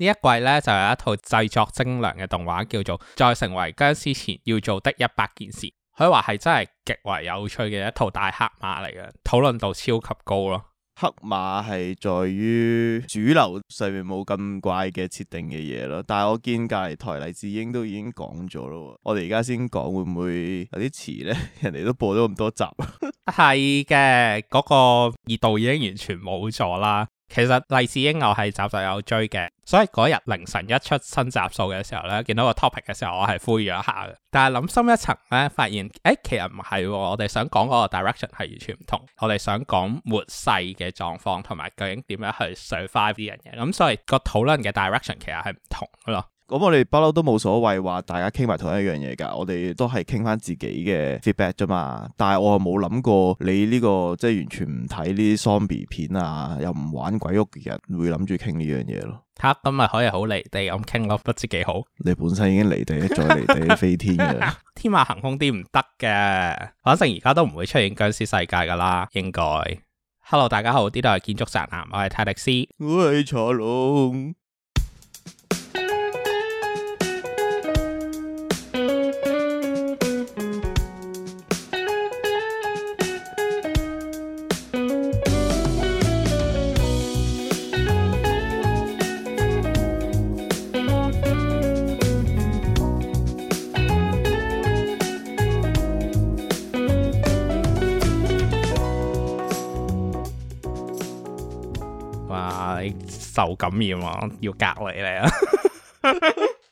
呢一季咧就有一套製作精良嘅動畫，叫做《在成為殭屍前要做的一百件事》，可以話係真係極為有趣嘅一套大黑馬嚟嘅，討論度超級高咯。黑馬係在於主流上面冇咁怪嘅設定嘅嘢咯，但係我見隔離台黎智英都已經講咗咯，我哋而家先講會唔會有啲遲呢，人哋都播咗咁多集，係 嘅，嗰、嗰個熱度已經完全冇咗啦。其實勵志英牛係集集有追嘅，所以嗰日凌晨一出新集數嘅時候咧，見到個 topic 嘅時候，時候我係灰咗一下嘅。但係諗深一層咧，發現誒，其實唔係，我哋想講嗰個 direction 係完全唔同。我哋想講末世嘅狀況同埋究竟點樣去 survive 啲人嘅，咁所以個討論嘅 direction 其實係唔同咯。咁我哋不嬲，都冇所謂話大家傾埋同一樣嘢噶，我哋都係傾翻自己嘅 feedback 啫嘛。但係我又冇諗過你呢個即係完全唔睇呢啲 zombie 片啊，又唔玩鬼屋嘅人會諗住傾呢樣嘢咯。吓、啊，咁咪可以好離地咁傾咯，不知幾好。你本身已經離地，再離地飛天嘅啦。 天馬行空啲唔得嘅，反正而家都唔會出現僵屍世界噶啦，應該。Hello，大家好，呢度係建築宅男，我係泰迪斯，我係楚龍。受感染啊！要隔離你啊，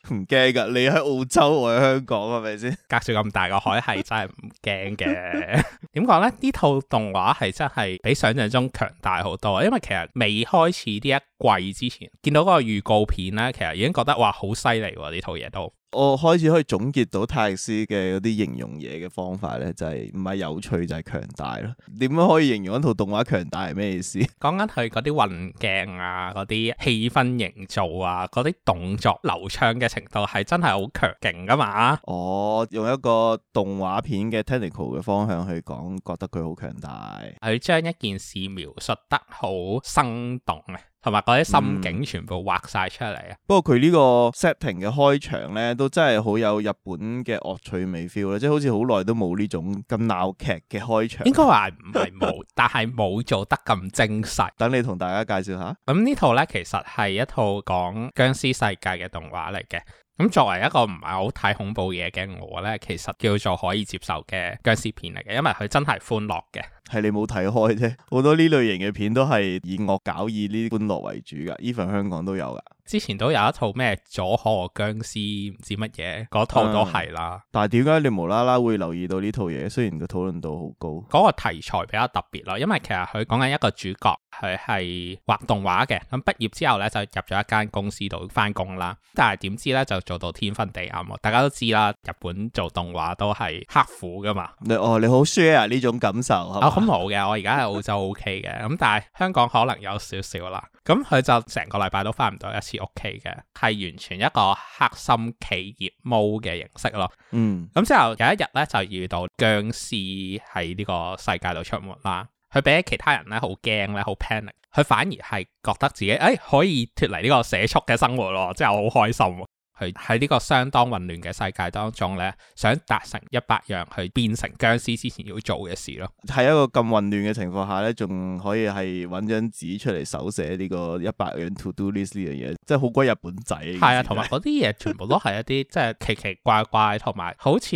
唔驚噶。你喺澳洲，我喺香港，係咪先？ 隔住咁大個海係真係唔驚嘅。點 講呢？呢套動畫係真係比想象中強大好多，因為其實未開始呢一。貴之前見到嗰個預告片咧，其實已經覺得哇，好犀利喎！呢套嘢都我開始可以總結到泰斯嘅嗰啲形容嘢嘅方法咧，就係唔係有趣就係、是、強大咯。點樣可以形容一套動畫強大係咩意思？講緊佢嗰啲運鏡啊，嗰啲氣氛營造啊，嗰啲動作流暢嘅程度係真係好強勁噶嘛？我用一個動畫片嘅 technical 嘅方向去講，覺得佢好強大。佢將一件事描述得好生動啊！同埋嗰啲心境全部畫晒出嚟啊！不過佢呢個 setting 嘅開場咧，都真係好有日本嘅惡趣味 feel 啦，即係好似好耐都冇呢種咁鬧劇嘅開場。應該話唔係冇，但係冇做得咁精細。等你同大家介紹下。咁呢套咧，其實係一套講僵屍世界嘅動畫嚟嘅。咁作為一個唔係好睇恐怖嘢嘅我咧，其實叫做可以接受嘅僵屍片嚟嘅，因為佢真係歡樂嘅。係你冇睇開啫，好多呢類型嘅片都係以惡搞以呢啲觀眾為主噶，even 香港都有噶。之前都有一套咩佐賀僵屍》，唔知乜嘢，嗰套都係啦，嗯。但係點解你無啦啦會留意到呢套嘢？雖然個討論度好高，嗰個題材比較特別咯，因為其實佢講緊一個主角，佢係畫動畫嘅，咁畢業之後咧就入咗一間公司度翻工啦。但係點知咧就做到天昏地暗啊！大家都知啦，日本做動畫都係刻苦噶嘛。你哦你好 share 呢、啊、種感受、啊冇嘅， 我而家喺澳洲 OK 嘅，咁但係香港可能有少少啦。咁佢就成個禮拜都翻唔到一次屋企嘅，係完全一個黑心企業模嘅形式咯。嗯，咁之後有一日咧就遇到殭屍喺呢個世界度出沒啦，佢俾其他人咧好驚咧，好 panic，佢反而係覺得自己誒、哎、可以脫離呢個社畜嘅生活咯，之後好開心。去喺呢個相當混亂嘅世界當中咧，想達成一百樣去變成殭屍之前要做嘅事咯。喺一個咁混亂嘅情況下咧，仲可以係揾張紙出嚟手寫呢個一百樣 to do list 呢樣嘢，即係好鬼日本仔。係啊，同埋嗰啲嘢全部都係一啲 即係奇奇怪怪同埋好似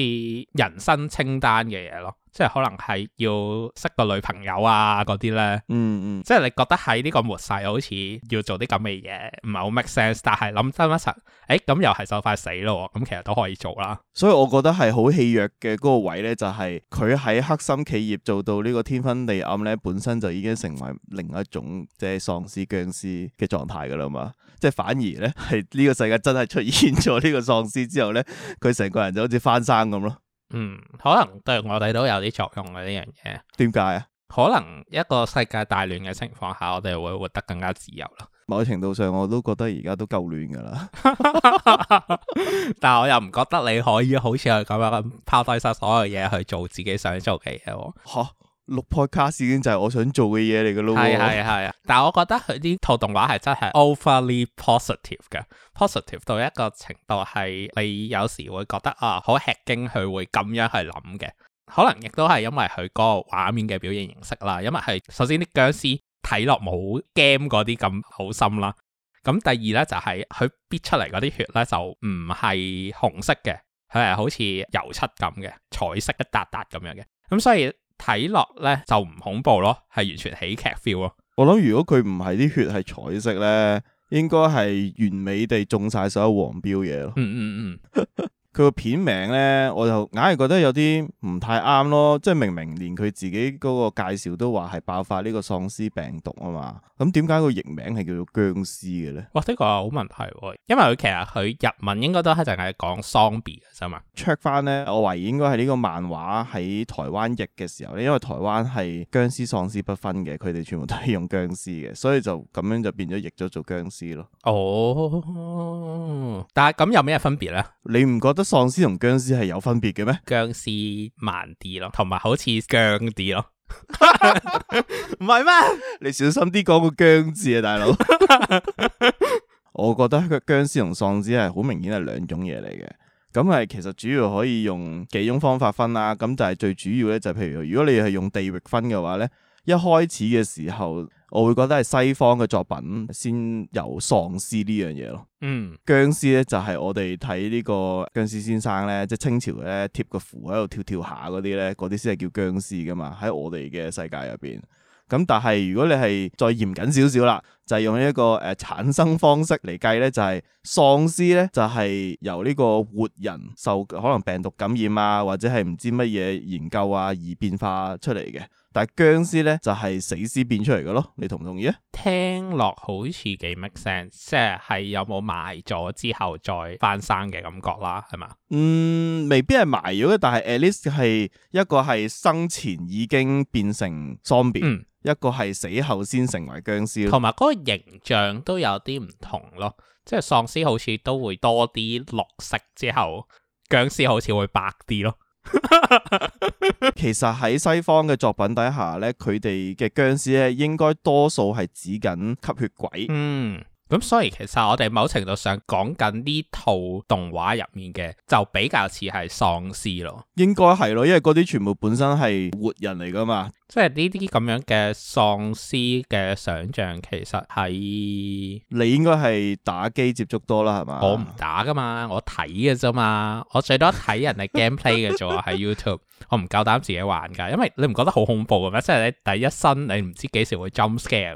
人生清單嘅嘢咯。即係可能係要識個女朋友啊嗰啲咧，嗯嗯，即係你覺得喺呢個末世好似要做啲咁嘅嘢，唔係好 make sense，但係諗返一層，誒咁又係就快死咯，咁其實都可以做啦。所以我覺得係好氣弱嘅嗰個位咧，就係佢喺黑心企業做到呢個天昏地暗咧，本身就已經成為另一種即係喪屍僵屍嘅狀態噶啦嘛。即係反而咧，係呢個世界真係出現咗呢個喪屍之後咧，佢成個人就好似翻生咁咯。嗯，可能對我哋都有啲作用嘅呢樣嘢。點解啊？可能一個世界大亂嘅情況下，我哋會活得更加自由咯。某程度上，我都覺得而家都夠亂㗎喇。 但係我又唔覺得你可以好似係咁樣拋低晒所有嘢去做自己想做嘅嘢喎。六 p 卡已經就係我想做嘅嘢嚟噶咯，係係係。但係我覺得佢呢套動畫係真係 overly positive 嘅，positive 到一個程度係你有時會覺得啊好吃驚，佢會咁樣去諗嘅。可能亦都係因為佢嗰個畫面嘅表現形式啦，因為係首先啲僵屍睇落冇 game 嗰啲咁嘔心啦。咁、嗯、第二咧就係佢逼出嚟嗰啲血咧就唔係紅色嘅，佢係好似油漆咁嘅，彩色一笪笪咁樣嘅。咁、嗯、所以。睇落咧就唔恐怖咯，係完全喜劇 feel 咯。我諗如果佢唔係啲血係彩色咧，應該係完美地中晒所有黃標嘢咯。嗯嗯嗯。 佢個片名咧，我就硬係覺得有啲唔太啱咯，即係明明連佢自己嗰個介紹都話係爆發呢個喪屍病毒啊嘛，咁點解個譯名係叫做殭屍嘅咧？哇，呢個好問題喎，因為佢其實佢日文應該都係淨係講喪屍嘅啫嘛。check 翻咧，我懷疑應該係呢個漫畫喺台灣譯嘅時候咧，因為台灣係殭屍喪屍不分嘅，佢哋全部都係用殭屍嘅，所以就咁樣就變咗譯咗做殭屍咯。哦，但係咁有咩分別咧？你唔覺得？喪屍同殭屍係有分別嘅咩？殭屍慢啲咯，同埋好似僵啲咯，唔係咩？你小心啲講個僵字啊，大佬！ 我覺得殭屍同喪屍係好明顯係兩種嘢嚟嘅。咁係其實主要可以用幾種方法分啦。咁就係最主要咧，就係譬如如果你係用地域分嘅話咧，一開始嘅時候。我會覺得係西方嘅作品先有喪屍呢樣嘢咯，嗯，僵屍咧就係、是、我哋睇呢個僵屍先生咧，即、就、係、是、清朝咧貼個符喺度跳跳下嗰啲咧，嗰啲先係叫僵屍噶嘛。喺我哋嘅世界入邊，咁但係如果你係再嚴謹少少啦，就係、是、用一、這個誒、呃、產生方式嚟計咧，就係喪屍咧就係、是、由呢個活人受可能病毒感染啊，或者係唔知乜嘢研究啊而變化出嚟嘅。但係殭屍咧就係、是、死屍變出嚟嘅咯，你同唔同意啊？聽落好似幾 make sense，即係有冇埋咗之後再翻生嘅感覺啦，係嘛？嗯，未必係埋咗嘅，但係 at least 係一個係生前已經變成 zombie，、嗯、一個係死後先成為僵屍。同埋嗰個形象都有啲唔同咯。即係喪屍好似都會多啲綠色，之後僵屍好似會白啲咯。 其實喺西方嘅作品底下咧，佢哋嘅殭屍咧，應該多數係指緊吸血鬼。嗯。 咁所以其實我哋某程度上講緊呢套動畫入面嘅，就比較似係喪屍咯，應該係咯，因為嗰啲全部本身係活人嚟噶嘛，即係呢啲咁樣嘅喪屍嘅想象，其實喺你應該係打機接觸多啦，係嘛？我唔打噶嘛，我睇嘅啫嘛，我最多睇人哋 gameplay 嘅啫喺 YouTube，我唔夠膽自己玩噶，因為你唔覺得好恐怖嘅咩？即係你第一身，你唔知幾時會 jump scare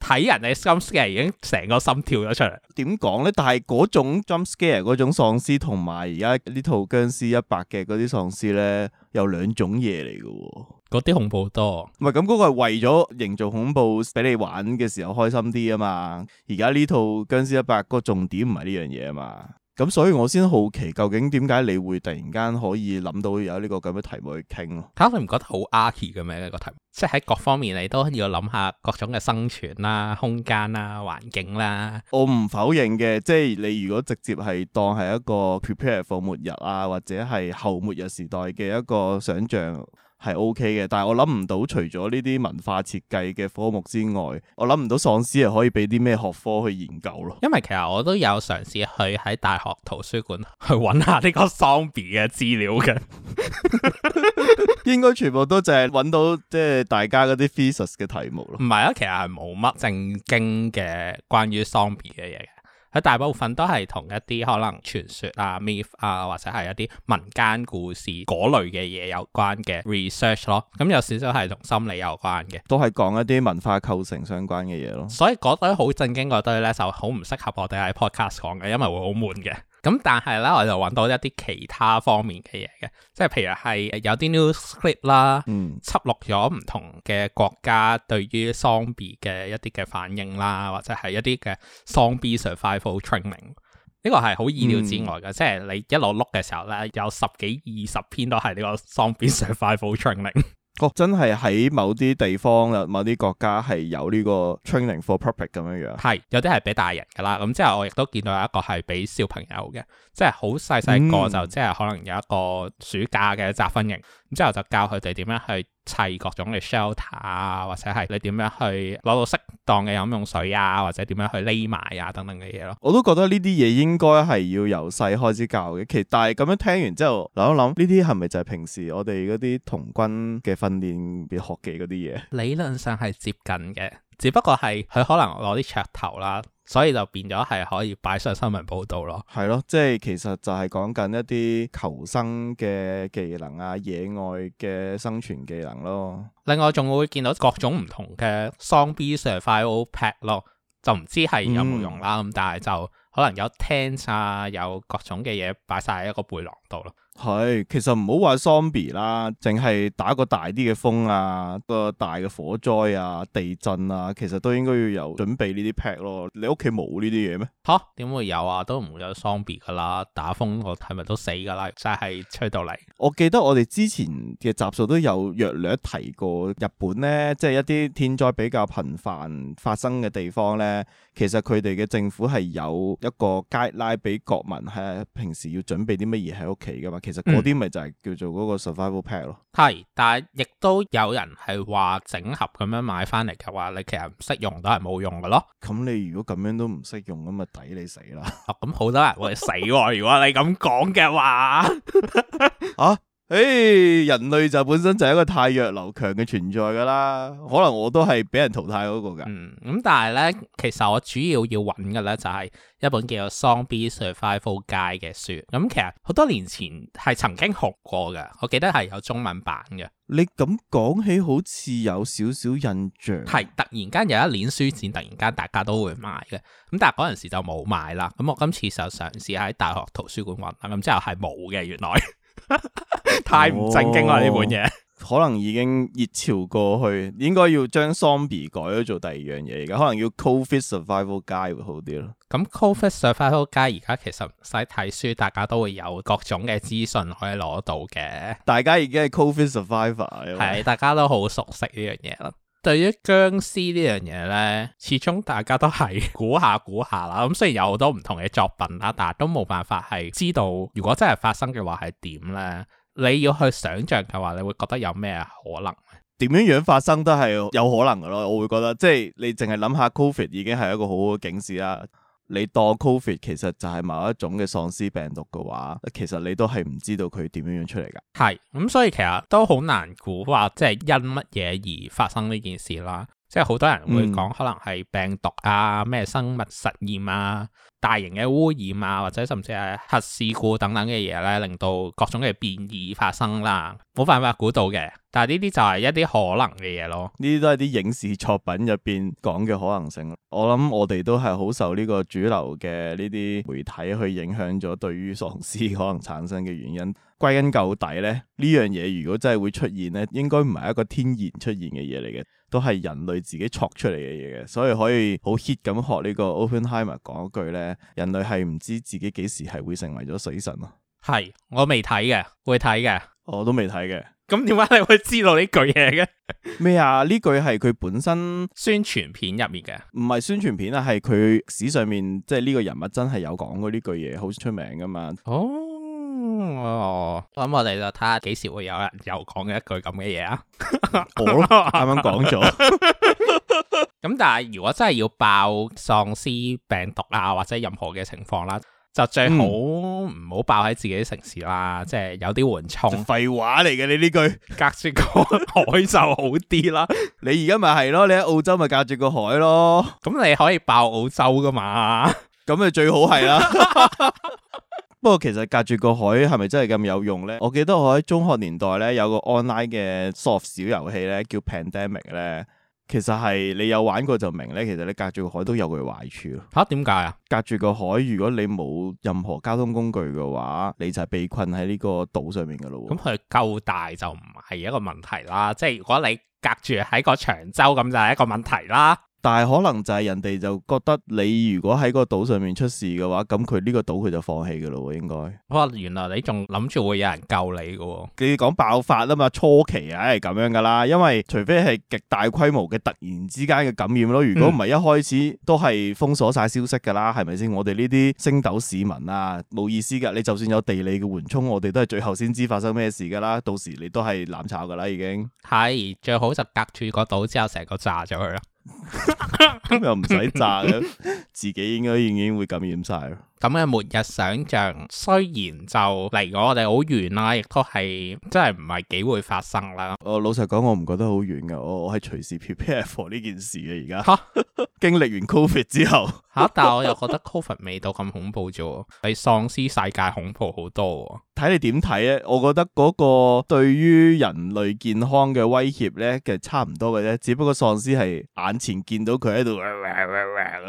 睇人哋 jump scare 已經成個心跳咗出嚟。點講咧？但係嗰種 jump scare 嗰種喪屍同埋而家呢套《僵屍一百》嘅嗰啲喪屍咧，有兩種嘢嚟㗎喎。嗰啲恐怖多。唔係咁，嗰個係為咗營造恐怖俾你玩嘅時候開心啲啊嘛。而家呢套《僵屍一百》個重點唔係呢樣嘢啊嘛。咁所以，我先好奇究竟點解你會突然間可以諗到有呢個咁嘅題目去傾咯？嚇，你唔覺得好 archy 嘅咩？呢、呢個題目，即係喺各方面你都要諗下各種嘅生存啦、啊、空間啦、啊、環境啦、啊。我唔否認嘅，即係你如果直接係當係一個 prepare for 末日啊，或者係後末日時代嘅一個想像。係 OK 嘅，但係我諗唔到除咗呢啲文化設計嘅科目之外，我諗唔到喪屍係可以俾啲咩學科去研究咯。因為其實我都有嘗試，試去喺大學圖書館去搵下呢個喪屍嘅資料嘅， 應該全部都淨係搵到即係大家嗰啲 physics 嘅題目咯。唔係啊，其實係冇乜正經嘅關於喪屍嘅嘢。佢大部分都係同一啲可能傳說啊、myth 啊，或者係一啲民間故事嗰類嘅嘢有關嘅 research 咯。咁有少少係同心理有關嘅，都係講一啲文化構成相關嘅嘢咯。所以嗰堆好正經嗰堆咧，就好唔適合我哋喺 podcast 講嘅，因為會好悶嘅。咁但係咧，我就揾到一啲其他方面嘅嘢嘅，即係譬如係有啲 news clip 啦、嗯，輯錄咗唔同嘅國家對於喪屍嘅一啲嘅反應啦，或者係一啲嘅喪屍 survival training，呢個係好意料之外嘅，嗯、即係你一路碌嘅時候咧，有十幾二十篇都係呢個喪屍 survival training。 哦，oh, 真係喺某啲地方、某啲國家係有呢個 training for public 咁樣樣，係有啲係俾大人噶啦，咁之後我亦都見到有一個係俾小朋友嘅，即係好細細個就即係可能有一個暑假嘅集訓營。之後就教佢哋點樣去砌各種嘅 shelter 啊，或者係你點樣去攞到適當嘅飲用水啊，或者點樣去匿埋啊等等嘅嘢咯。我都覺得呢啲嘢應該係要由細開始教嘅。其但係咁樣聽完之後諗一諗，呢啲係咪就係平時我哋嗰啲童軍嘅訓練學嘅嗰啲嘢？理論上係接近嘅，只不過係佢可能攞啲噱頭啦。所以就變咗係可以擺上新聞報導咯，係咯，即係其實就係講緊一啲求生嘅技能啊，野外嘅生存技能咯。另外仲會見到各種唔同嘅 zombie survival pack 咯，就唔知係有冇用啦。咁但係就可能有 tent 啊，有各種嘅嘢擺晒喺一個背囊度咯。係，其實唔好話喪屍啦，淨係打個大啲嘅風啊，個大嘅火災啊、地震啊，其實都應該要有準備呢啲 pack 咯。你屋企冇呢啲嘢咩？吓、啊，點會有啊？都唔會有喪屍噶啦，打風我係咪都死噶啦？就係、是、吹到嚟。我記得我哋之前嘅集數都有略略提過日本咧，即、就、係、是、一啲天災比較頻繁發生嘅地方咧，其實佢哋嘅政府係有一個 guideline 俾國民喺平時要準備啲乜嘢喺屋企噶嘛。其實嗰啲咪就係叫做嗰個 survival pack 咯，係，但係亦都有人係話整合咁樣買翻嚟嘅話，你其實唔識用都係冇用嘅咯。咁、嗯、你如果咁樣都唔識用，咁咪抵你死啦！ 哦，咁好多人會死、啊！如果你咁講嘅話， 啊！誒，hey，人類就本身就係一個汰弱留強嘅存在噶啦，可能我都係俾人淘汰嗰個噶。嗯，咁但係咧，其實我主要要揾嘅咧就係一本叫做《Zombie Survival Guide》嘅書。咁、嗯、其實好多年前係曾經學過噶，我記得係有中文版嘅。你咁講起好似有少少印象。係突然間有一年書展，突然間大家都會買嘅。咁但係嗰陣時就冇買啦。咁我今次就嘗試喺大學圖書館揾啦，咁、嗯、之後係冇嘅，原來。 太唔正經啦！呢本嘢可能已經熱潮過去，應該要將 zombie 改咗做第二樣嘢而家，可能要 Covid Survival Guide 會好啲咯。咁 Covid Survival Guide 而家其實唔使睇書，大家都會有各種嘅資訊可以攞到嘅。大家已經係 Covid Survivor，係大家都好熟悉呢樣嘢咯。對於殭屍呢樣嘢呢，始終大家都係估下估下啦。咁雖然有好多唔同嘅作品啦，但係都冇辦法係知道，如果真係發生嘅話係點呢？你要去想象嘅話，你會覺得有咩可能？點樣樣發生都係有可能嘅咯。我會覺得，即係你淨係諗下 Covid 已經係一個好好嘅警示啦。你當 Covid 其實就係某一種嘅喪屍病毒嘅話，其實你都係唔知道佢點樣樣出嚟㗎。係，咁，嗯，所以其實都好難估話，即係因乜嘢而發生呢件事啦。即係好多人會講，可能係病毒啊、咩生物實驗啊、大型嘅污染啊，或者甚至係核事故等等嘅嘢啦，令到各種嘅變異發生啦、啊，冇辦法，法估到嘅。但係呢啲就係一啲可能嘅嘢咯。呢啲都係啲影視作品入邊講嘅可能性。我諗我哋都係好受呢個主流嘅呢啲媒體去影響咗，對於喪屍可能產生嘅原因，歸根究底咧，呢樣嘢如果真係會出現咧，應該唔係一個天然出現嘅嘢嚟嘅。都係人類自己作出嚟嘅嘢嘅，所以可以好 hit 咁學呢個 Oppenheimer 講一句咧，人類係唔知自己幾時係會成為咗死神咯。係，我未睇嘅，會睇嘅，我都未睇嘅。咁點解你會知道呢句嘢嘅？咩 啊？呢句係佢本身 宣傳片入面嘅，唔係宣傳片啊，係佢史上面即係呢個人物真係有講過呢句嘢，好出名噶嘛。Oh? 哦，咁我哋就睇下幾時會有人又講嘅一句咁嘅嘢啊？好 啦， 啱啱講咗，咁 但係如果真係要爆喪屍病毒啊，或者任何嘅情況啦、啊，就最好唔好爆喺自己城市啦、啊，嗯、即係有啲緩衝。廢話嚟嘅你呢句， 隔住個海就好啲啦。 你而家咪係咯，你喺澳洲咪隔住個海咯。咁 你可以爆澳洲噶嘛？咁 就最好係啦。 不過其實隔住個海係咪真係咁有用咧？我記得我喺中學年代咧有個 online 嘅 soft 小遊戲咧叫 Pandemic 咧，其實係你有玩過就明咧，其實你隔住個海都有佢壞處咯。吓，點解啊？隔住個海，如果你冇任何交通工具嘅話，你就係被困喺呢個島上面噶咯。咁佢、嗯、夠大就唔係一個問題啦，即係如果你隔住喺個長洲咁就係一個問題啦。但係可能就係人哋就覺得你如果喺個島上面出事嘅話，咁佢呢個島佢就放棄噶咯，應該。哇，原來你仲諗住會有人救你噶，哦？你講爆發啊嘛，初期啊係咁樣噶啦，因為除非係極大規模嘅突然之間嘅感染咯，如果唔係一開始都係封鎖晒消息噶啦，係咪先？是是我哋呢啲星斗市民啊，冇意思噶。你就算有地理嘅緩衝，我哋都係最後先知發生咩事噶啦，到時你都係攬炒噶啦，已經。係最好就隔住個島之後成個炸咗佢啦。咁又唔使炸咁 自己應該已經會感染晒啦。咁嘅末日想像，雖然就離我哋好遠啦，亦都係真係唔係幾會發生啦。我老實講，我唔覺得好遠嘅，我我係隨時 prepare for 呢件事嘅而家。嚇！經歷完 covid 之後，嚇！但係我又覺得 covid 未到咁恐怖啫，比喪屍世界恐怖好多。睇你點睇咧？我覺得嗰個對於人類健康嘅威脅咧，其實差唔多嘅啫，只不過喪屍係眼前見到佢喺度。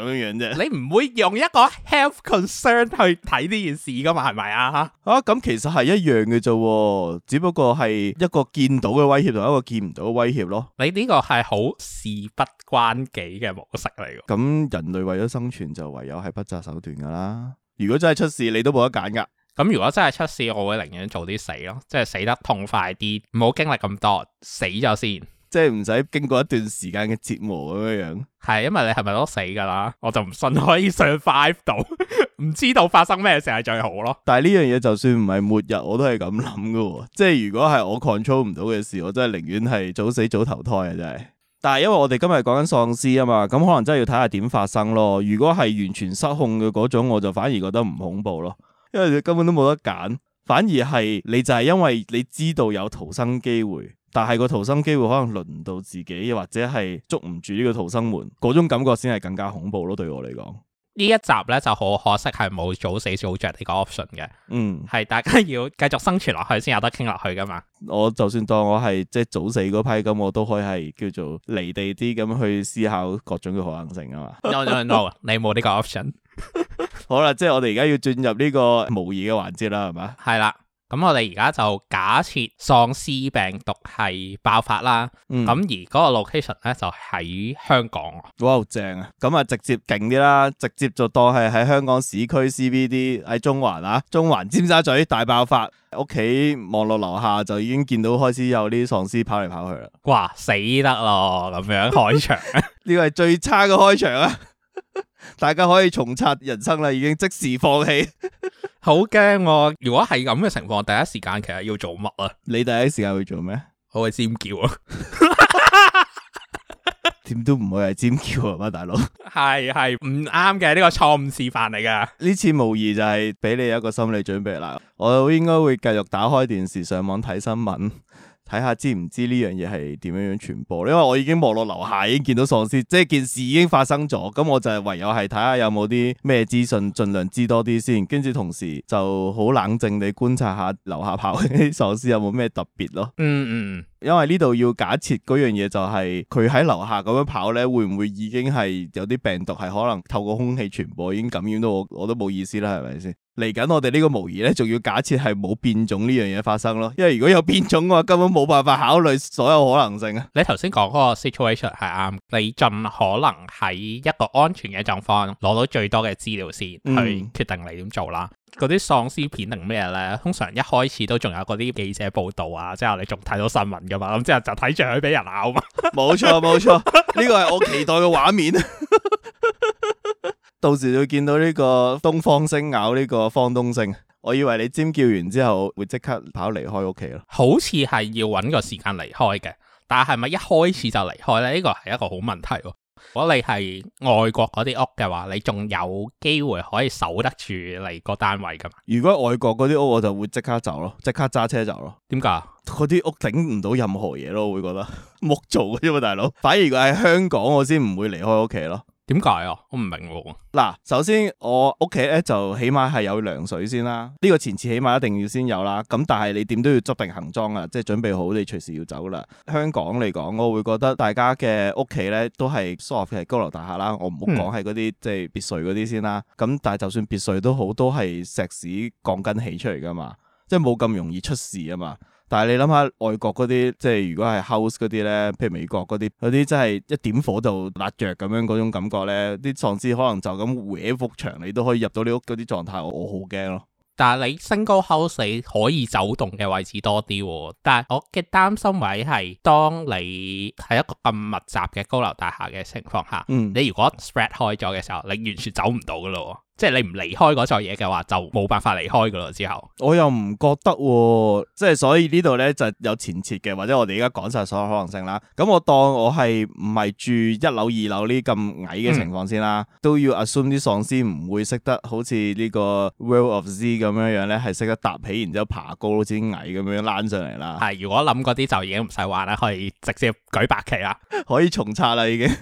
咁樣樣啫，你唔會用一個 health concern 去睇呢件事噶嘛？係咪啊？吓、啊，咁其實係一樣嘅啫，只不過係一個見到嘅威脅同一個見唔到嘅威脅咯。你呢個係好事不關己嘅模式嚟嘅。咁、啊、人類為咗生存就唯有係不擇手段噶啦。如果真係出事，你都冇得揀噶。咁如果真係出事，我會寧願早啲死咯，即、就、係、是、死得痛快啲，唔好經歷咁多，死咗先。即係唔使經過一段時間嘅折磨咁樣樣，係，因為你係咪都死噶啦？我就唔信可以 survive 到，唔 知道發生咩事係最好咯。但係呢樣嘢就算唔係末日，我都係咁諗噶。即係如果係我 control 唔到嘅事，我真係寧願係早死早投胎啊！真係。但係因為我哋今日講緊喪屍啊嘛，咁可能真係要睇下點發生咯。如果係完全失控嘅嗰種，我就反而覺得唔恐怖咯，因為你根本都冇得揀，反而係你就係因為你知道有逃生機會。但係個逃生機會可能輪唔到自己，或者係捉唔住呢個逃生門，嗰種感覺先係更加恐怖咯。對我嚟講，呢一集咧就好可惜，係冇早死早着呢個 option 嘅。嗯，係大家要繼續生存落去先有得傾落去噶嘛。我就算當我係即係早死嗰批，咁我都可以係叫做離地啲咁去思考各種嘅可能性啊嘛。no no no， 你冇呢個 option。 好啦，即係我哋而家要進入呢個模擬嘅環節啦，係嘛？係啦。咁我哋而家就假設喪屍病毒係爆發啦，咁、嗯、而嗰個 location 咧就喺香港、啊。哇，好正啊！咁啊，直接勁啲啦，直接就當係喺香港市區 CBD 喺中環啊，中環尖沙咀大爆發，屋企望落樓下就已經見到開始有啲喪屍跑嚟跑去啦。哇，死得咯，咁樣開場，呢個係最差嘅開場啊！大家可以重刷人生啦，已經即時放棄，好 驚、 啊！如果係咁嘅情況，第一時間其實要做乜啊？你第一時間會做咩？我會尖叫啊！點 都唔會係尖叫啊，嘛大佬！係係唔啱嘅，呢個錯誤示範嚟噶。呢次無疑就係俾你一個心理準備啦。我應該會繼續打開電視、上網睇新聞。睇下知唔知呢樣嘢係點樣樣傳播，因為我已經望落樓下已經見到喪屍，即係件事已經發生咗，咁我就係唯有係睇下有冇啲咩資訊，盡量知多啲先，跟住同時就好冷靜地觀察下樓下跑啲喪屍有冇咩特別咯。嗯。嗯嗯。因為呢度要假設嗰樣嘢就係佢喺樓下咁樣跑呢，會唔會已經係有啲病毒係可能透過空氣傳播，已經感染到我？我都冇意思啦，係咪先？嚟緊我哋呢個模擬呢，仲要假設係冇變種呢樣嘢發生咯。因為如果有變種嘅話，根本冇辦法考慮所有可能性啊。你頭先講嗰個 situation 係啱，你盡可能喺一個安全嘅狀況攞到最多嘅資料先，去決定你點做啦。嗯嗰啲喪屍片定咩咧？通常一開始都仲有嗰啲記者報道啊，即係你仲睇到新聞噶嘛？咁之後就睇住佢俾人咬嘛。冇錯冇錯，呢 個係我期待嘅畫面。 到時會見到呢個東方昇咬呢個方東昇。我以為你尖叫完之後會即刻跑離開屋企咯。好似係要揾個時間離開嘅，但係咪一開始就離開呢？呢、這個係一個好問題咯。如果你係外國嗰啲屋嘅話，你仲有機會可以守得住嚟個單位噶嘛？如果外國嗰啲屋，我就會即刻走咯，即刻揸車走咯。點解？嗰啲屋頂唔到任何嘢咯，我會覺得木 做嘅啫嘛，大佬。反而喺香港，我先唔會離開屋企咯。點解啊？我唔明喎。嗱，首先我屋企咧就起碼係有糧水先啦，呢、呢個前設起碼一定要先有啦。咁但係你點都要執定行裝啊，即係準備好你隨時要走啦。香港嚟講，我會覺得大家嘅屋企咧都係 soft 嘅高樓大廈啦。我唔好講喺嗰啲即係別墅嗰啲先啦。咁、嗯、但係就算別墅都好，都係石屎鋼筋起出嚟噶嘛，即係冇咁容易出事啊嘛。但係你諗下外國嗰啲，即係如果係 house 嗰啲咧，譬如美國嗰啲，嗰啲真係一點火就焫着咁樣嗰種感覺咧，啲喪屍可能就咁搲屋牆，你都可以入到你屋嗰啲狀態，我好驚咯。但係你升高 house，你可以走動嘅位置多啲喎。但係我嘅擔心位係當你係一個咁密集嘅高樓大廈嘅情況下，嗯、你如果 spread 開咗嘅時候，你完全走唔到噶咯。即係你唔離開嗰座嘢嘅話，就冇辦法離開噶啦。之後，我又唔覺得喎、啊，即係所以呢度咧就是、有前設嘅，或者我哋而家講晒所有可能性啦。咁我當我係唔係住一樓、二樓呢咁矮嘅情況先啦，嗯、都要 assume 啲喪屍唔會識得好似呢個 World War Z 咁樣樣咧，係識得搭起，然之後爬高好似啲矮咁樣躝上嚟啦。係，如果諗嗰啲就已經唔使話啦，可以直接舉白旗啦， 可以重拆啦，已經。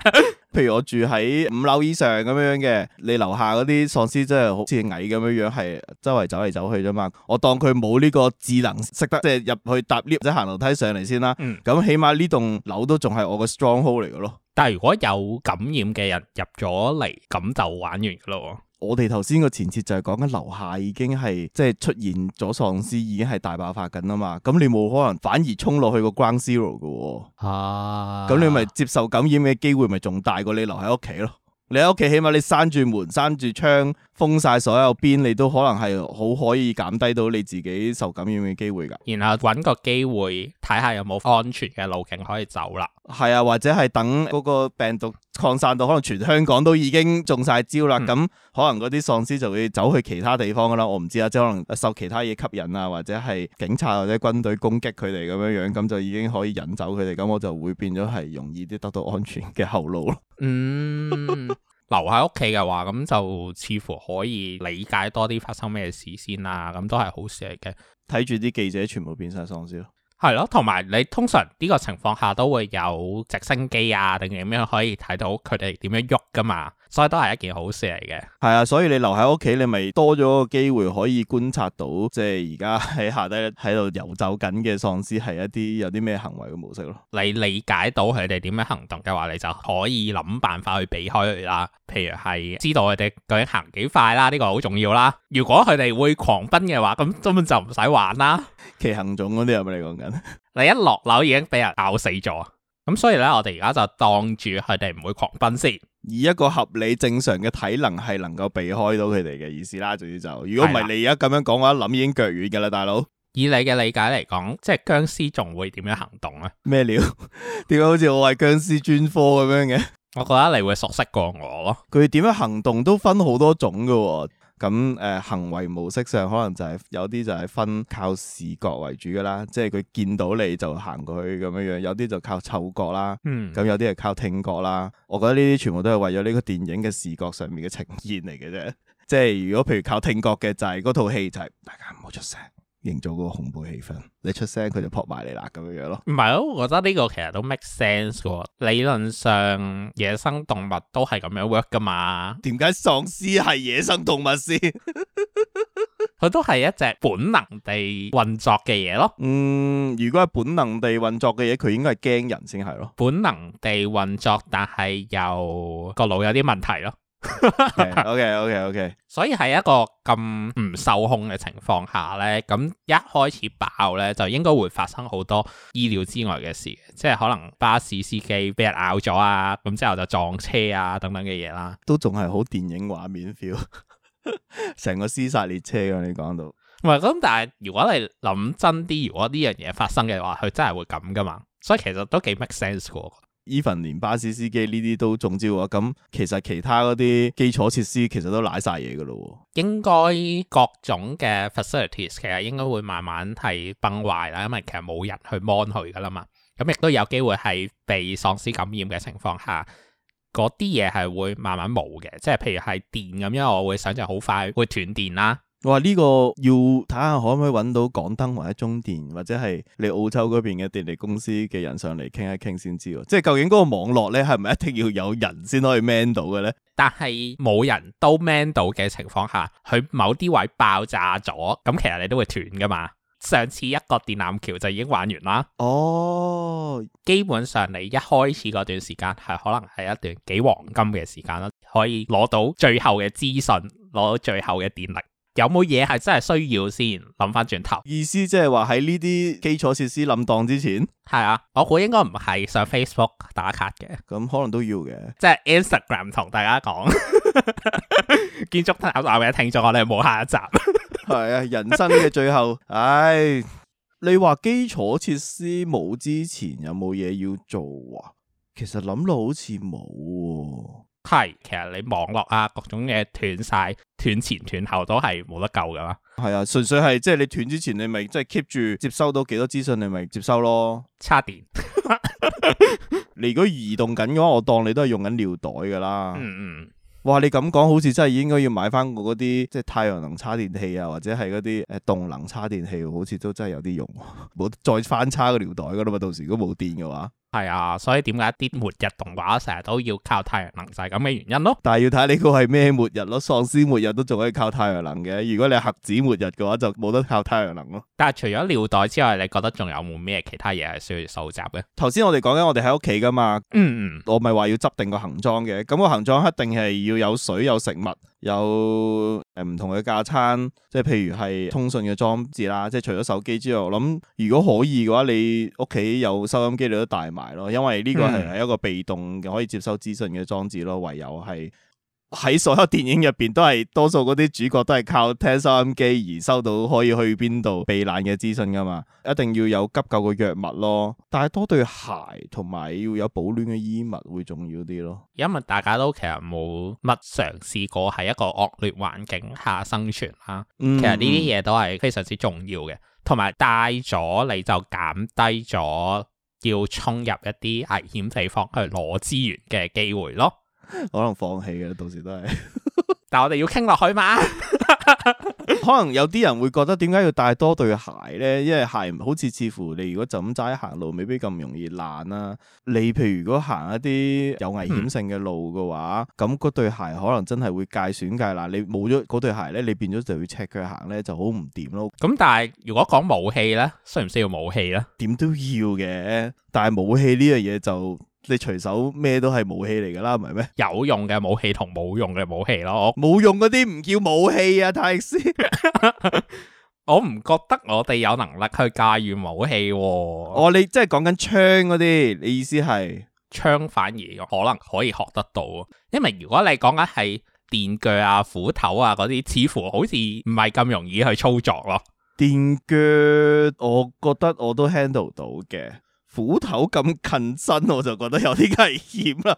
譬如我住喺五樓以上咁樣嘅，你樓下嗰啲喪屍真係好似矮咁樣樣，係周圍走嚟走去啫嘛。我當佢冇呢個智能，識得即係入去搭 lift 或者行樓梯上嚟先啦。嗯，咁起碼呢棟樓都仲係我個 stronghold 嚟嘅咯。但係如果有感染嘅人入咗嚟，咁就玩完㗎咯。我哋頭先個前設就係講緊樓下已經係即係出現咗喪屍，已經係大爆發緊啊嘛！咁你冇可能反而衝落去個 ground zero 㗎喎，咁你咪接受感染嘅機會咪仲大過你留喺屋企咯？你喺屋企起碼你閂住門、閂住窗、封晒所有邊，你都可能係好可以減低到你自己受感染嘅機會㗎。然後揾個機會睇下有冇安全嘅路徑可以走啦。係啊，或者係等嗰個病毒。擴散到可能全香港都已經中晒招啦，咁、嗯、可能嗰啲喪屍就會走去其他地方噶啦，我唔知啊，即係可能受其他嘢吸引啊，或者係警察或者軍隊攻擊佢哋咁樣樣，咁就已經可以引走佢哋，咁我就會變咗係容易啲得到安全嘅後路咯。嗯， 留喺屋企嘅話，咁就似乎可以理解多啲發生咩事先啦，咁都係好事嚟嘅。睇住啲記者全部變晒喪屍。係咯，同埋你通常呢個情況下都會有直升機啊，定係點樣可以睇到佢哋點樣喐㗎嘛？所以都係一件好事嚟嘅。係啊，所以你留喺屋企，你咪多咗個機會可以觀察到，即係而家喺下低喺度遊走緊嘅喪屍係一啲有啲咩行為嘅模式咯。你理解到佢哋點樣行動嘅話，你就可以諗辦法去避開佢啦。譬如係知道佢哋究竟行幾快啦，呢個好重要啦。如果佢哋會狂奔嘅話，咁根本就唔使玩啦。奇行種嗰啲係咪你講緊？ 你一落樓已經俾人咬死咗，咁所以咧，我哋而家就當住佢哋唔會狂奔先。以一個合理正常嘅體能係能夠避開到佢哋嘅意思啦，總之就如果唔係你而家咁樣講嘅話，我諗已經腳軟㗎啦，大佬。以你嘅理解嚟講，即係殭屍仲會點樣行動呀？咩料？點解好似我係殭屍專科咁樣嘅？我覺得你會熟悉過我咯。佢點樣行動都分好多種㗎喎。咁誒、呃、行為模式上可能就係、是、有啲就係分靠視覺為主㗎啦，即係佢見到你就行過去咁樣樣，有啲就靠嗅覺啦，咁、嗯、有啲係靠聽覺啦。我覺得呢啲全部都係為咗呢個電影嘅視覺上面嘅呈現嚟嘅啫。即係如果譬如靠聽覺嘅就係嗰套戲就係、是、大家唔好出聲。營造嗰個恐怖氣氛，你出聲佢就撲埋嚟啦，咁樣樣咯。唔係咯，我覺得呢個其實都 make sense 嘅喎。理論上野生動物都係咁樣 work 噶嘛。點解喪屍係野生動物先？佢 都係一隻本能地運作嘅嘢咯。嗯，如果係本能地運作嘅嘢，佢應該係驚人先係咯。本能地運作，但係又個腦有啲問題咯。 yeah, OK OK OK，所以喺一個咁唔受控嘅情況下咧，咁一開始爆咧就應該會發生好多意料之外嘅事的，即係可能巴士司機俾人咬咗啊，咁之後就撞車啊等等嘅嘢啦，都仲係好電影畫面 feel，成 個屍殺列車嘅你講到，唔係咁，但係如果你諗真啲，如果呢樣嘢發生嘅話，佢真係會咁噶嘛，所以其實都幾 make sense 嘅。依份連巴士司機呢啲都中招啊，咁其實其他嗰啲基礎設施其實都賴晒嘢噶咯。應該各種嘅 facilities 其實應該會慢慢係崩壞啦，因為其實冇人去 mon 佢噶啦嘛。咁亦都有機會係被喪屍感染嘅情況下，嗰啲嘢係會慢慢冇嘅。即係譬如係電咁樣，因為我會想象好快會斷電啦。我話呢個要睇下可唔可以揾到港燈或者中電或者係你澳洲嗰邊嘅電力公司嘅人上嚟傾一傾先知喎，即係究竟嗰個網絡呢係咪一定要有人先可以 man 到嘅呢？但係冇人都 man 到嘅情況下，佢某啲位爆炸咗，咁其實你都會斷噶嘛。上次一個電纜橋就已經玩完啦。哦，基本上你一開始嗰段時間係可能係一段幾黃金嘅時間啦，可以攞到最後嘅資訊，攞到最後嘅電力。有冇嘢係真係需要先諗翻轉頭回？意思、啊嗯嗯、即係話喺呢啲基礎設施冧檔之前，係啊，我估應該唔係上 Facebook 打卡嘅，咁可能都要嘅，即係 Instagram 同大家講。建築宅男嘅聽眾，我哋冇下一集。係啊，人生嘅最後，唉，你話基礎設施冇之前有冇嘢要做啊？其實諗落好似冇、啊。係，其實你網絡啊，各種嘅斷晒，斷前斷後都係冇得救噶啦。係啊，純粹係即係你斷之前，你咪即係 keep 住接收到幾多資訊，你咪接收咯。叉電點， 你如果移動緊嘅話，我當你都係用緊尿袋噶啦。嗯嗯，哇，你咁講，好似真係應該要買翻嗰啲即係太陽能叉電器啊，或者係嗰啲誒動能叉電器，啊，好似都真係有啲用。冇再翻叉個尿袋噶啦嘛，到時如果冇電嘅話。係啊，所以點解啲末日動畫成日都要靠太陽能就係咁嘅原因咯。但係要睇你個係咩末日咯？喪屍末日都仲可以靠太陽能嘅，如果你核子末日嘅話就冇得靠太陽能咯。但係除咗尿袋之外，你覺得仲有冇咩其他嘢係需要收集嘅？頭先我哋講緊我哋喺屋企噶嘛，嗯,嗯，我咪話要執定個行裝嘅，咁個行裝一定係要有水有食物。有誒唔同嘅架撐，即係譬如係通訊嘅裝置啦，即係除咗手機之外，我諗如果可以嘅話，你屋企有收音機你都帶埋咯，因為呢個係係一個被動嘅可以接收資訊嘅裝置咯，唯有係。喺所有電影入邊都係多數嗰啲主角都係靠聽收音機而收到可以去邊度避難嘅資訊㗎嘛，一定要有急救嘅藥物咯，帶多對鞋同埋要有保暖嘅衣物會重要啲咯。因為大家都其實冇乜嘗試過喺一個惡劣環境下生存啦，嗯、其實呢啲嘢都係非常之重要嘅，同埋帶咗你就減低咗要衝入一啲危險地方去攞資源嘅機會咯。可能放棄嘅，到時都係。 但係我哋要傾落去嘛？ 可能有啲人會覺得點解要帶多對鞋咧？因為鞋好似似乎你如果就咁齋行路，未必咁容易爛啦、啊。你譬如如果行一啲有危險性嘅路嘅話，咁嗰、嗯、對鞋可能真係會介損介爛。你冇咗嗰對鞋咧，你變咗就要赤腳行咧，就好唔掂咯。咁但係如果講武器咧，需唔需要武器咧？點都要嘅，但係武器呢樣嘢就。你隨手咩都係武器嚟噶啦，唔係咩？有用嘅武器同冇用嘅武器咯。冇用嗰啲唔叫武器啊，泰斯。 我唔覺得我哋有能力去駕馭武器。哦，你即係講緊槍嗰啲，你意思係槍反而可能可以學得到，因為如果你講緊係電鋸啊、斧頭啊嗰啲，似乎好似唔係咁容易去操作咯。電鋸我覺得我都 handle 到嘅。斧頭咁近身我就覺得有啲危險啦，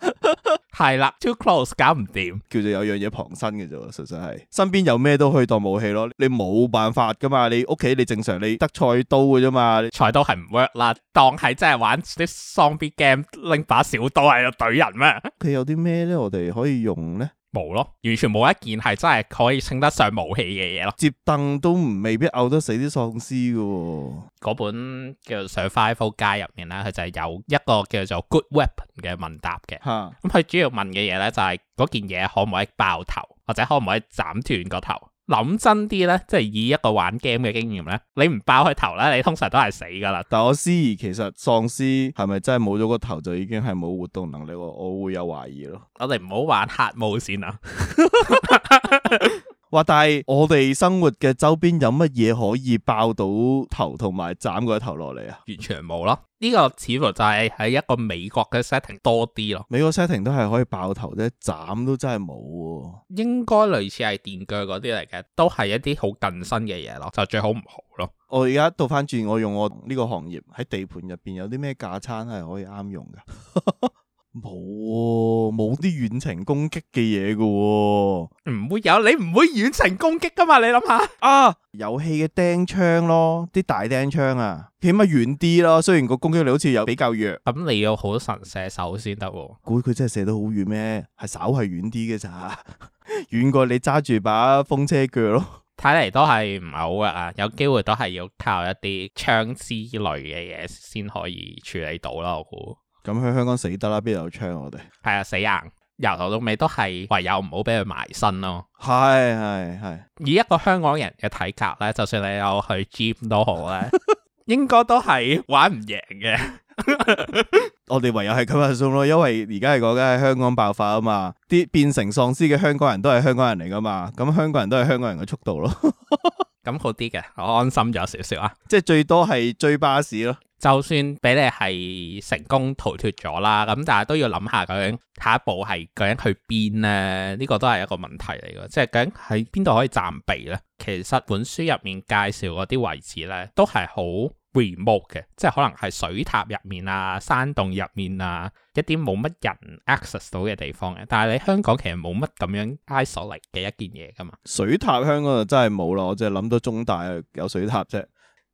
係 啦，Too close 搞唔掂，叫做有樣嘢傍身嘅啫。實在係身邊有咩都可以當武器咯，你冇辦法噶嘛，你屋企你正常你得菜刀嘅啫嘛，你菜刀係唔 work 啦，當係真係玩啲 zombie game 拎把小刀喺度懟人咩？佢 有啲咩咧，我哋可以用咧？冇咯，完全冇一件係真係可以稱得上武器嘅嘢咯。接凳都未必咬得死啲喪屍嘅。嗰、嗯、本叫做《Survival Guide》入面咧，佢就係有一個叫做 Good Weapon 嘅問答嘅。咁佢哈、嗯、主要問嘅嘢咧就係、是、嗰件嘢可唔可以爆頭，或者可唔可以斬斷個頭。諗真啲咧，即係以一個玩 game 嘅經驗咧，你唔爆佢頭咧，你通常都係死噶啦。但我思疑，其實喪屍係咪真係冇咗個頭就已經係冇活動能力？我我會有懷疑咯。我哋唔好玩黑幕先啊！ 話但係我哋生活嘅周邊有乜嘢可以爆到頭同埋斬個頭落嚟啊？完全冇咯，呢、這個似乎就係喺一個美國嘅 setting 多啲咯。美國 setting 都係可以爆頭啫，斬都真係冇、啊。應該類似係電鋸嗰啲嚟嘅，都係一啲好近身嘅嘢咯，就最好唔好咯。我而家倒翻轉，我用我呢個行業喺地盤入邊有啲咩架撐係可以啱用噶？冇、 啊。冇啲遠程攻擊嘅嘢嘅，唔會有你唔會遠程攻擊噶嘛？你諗下啊，遊戲嘅釘槍咯，啲大釘槍啊，起碼遠啲咯。雖然個攻擊力好似有比較弱，咁、嗯、你要好神射手先得喎。估佢真係射得好遠咩？係稍係遠啲嘅咋， 遠過你揸住把風車腳咯。睇嚟，都係唔好噶，有機會都係要靠一啲槍之類嘅嘢先可以處理到啦。我估。咁去香港死得啦，邊度有槍？我哋係啊，死硬，由頭到尾都係，唯有唔好俾佢埋身咯。係係係，以一個香港人嘅體格咧，就算你有去 gym 都好咧，應該都係玩唔贏嘅。我哋唯有係咁日送咯，因為而家係講緊香港爆發啊嘛，啲變成喪屍嘅香港人都係香港人嚟噶嘛，咁香港人都係香港人嘅速度咯。 咁好啲嘅，我安心咗少少啊！即係最多係追巴士咯，就算俾你係成功逃脫咗啦，咁但係都要諗下究竟下一步係究竟去邊咧？呢個都係一個問題嚟嘅，即係究竟喺邊度可以暫避咧？其實本書入面介紹嗰啲位置咧，都係好。remote 嘅，即係可能係水塔入面啊、山洞入面啊、一啲冇乜人 access 到嘅地方嘅。但係你香港其實冇乜咁樣 isolated 嘅一件嘢噶嘛。水塔香港就真係冇咯，我淨係諗到中大有水塔啫。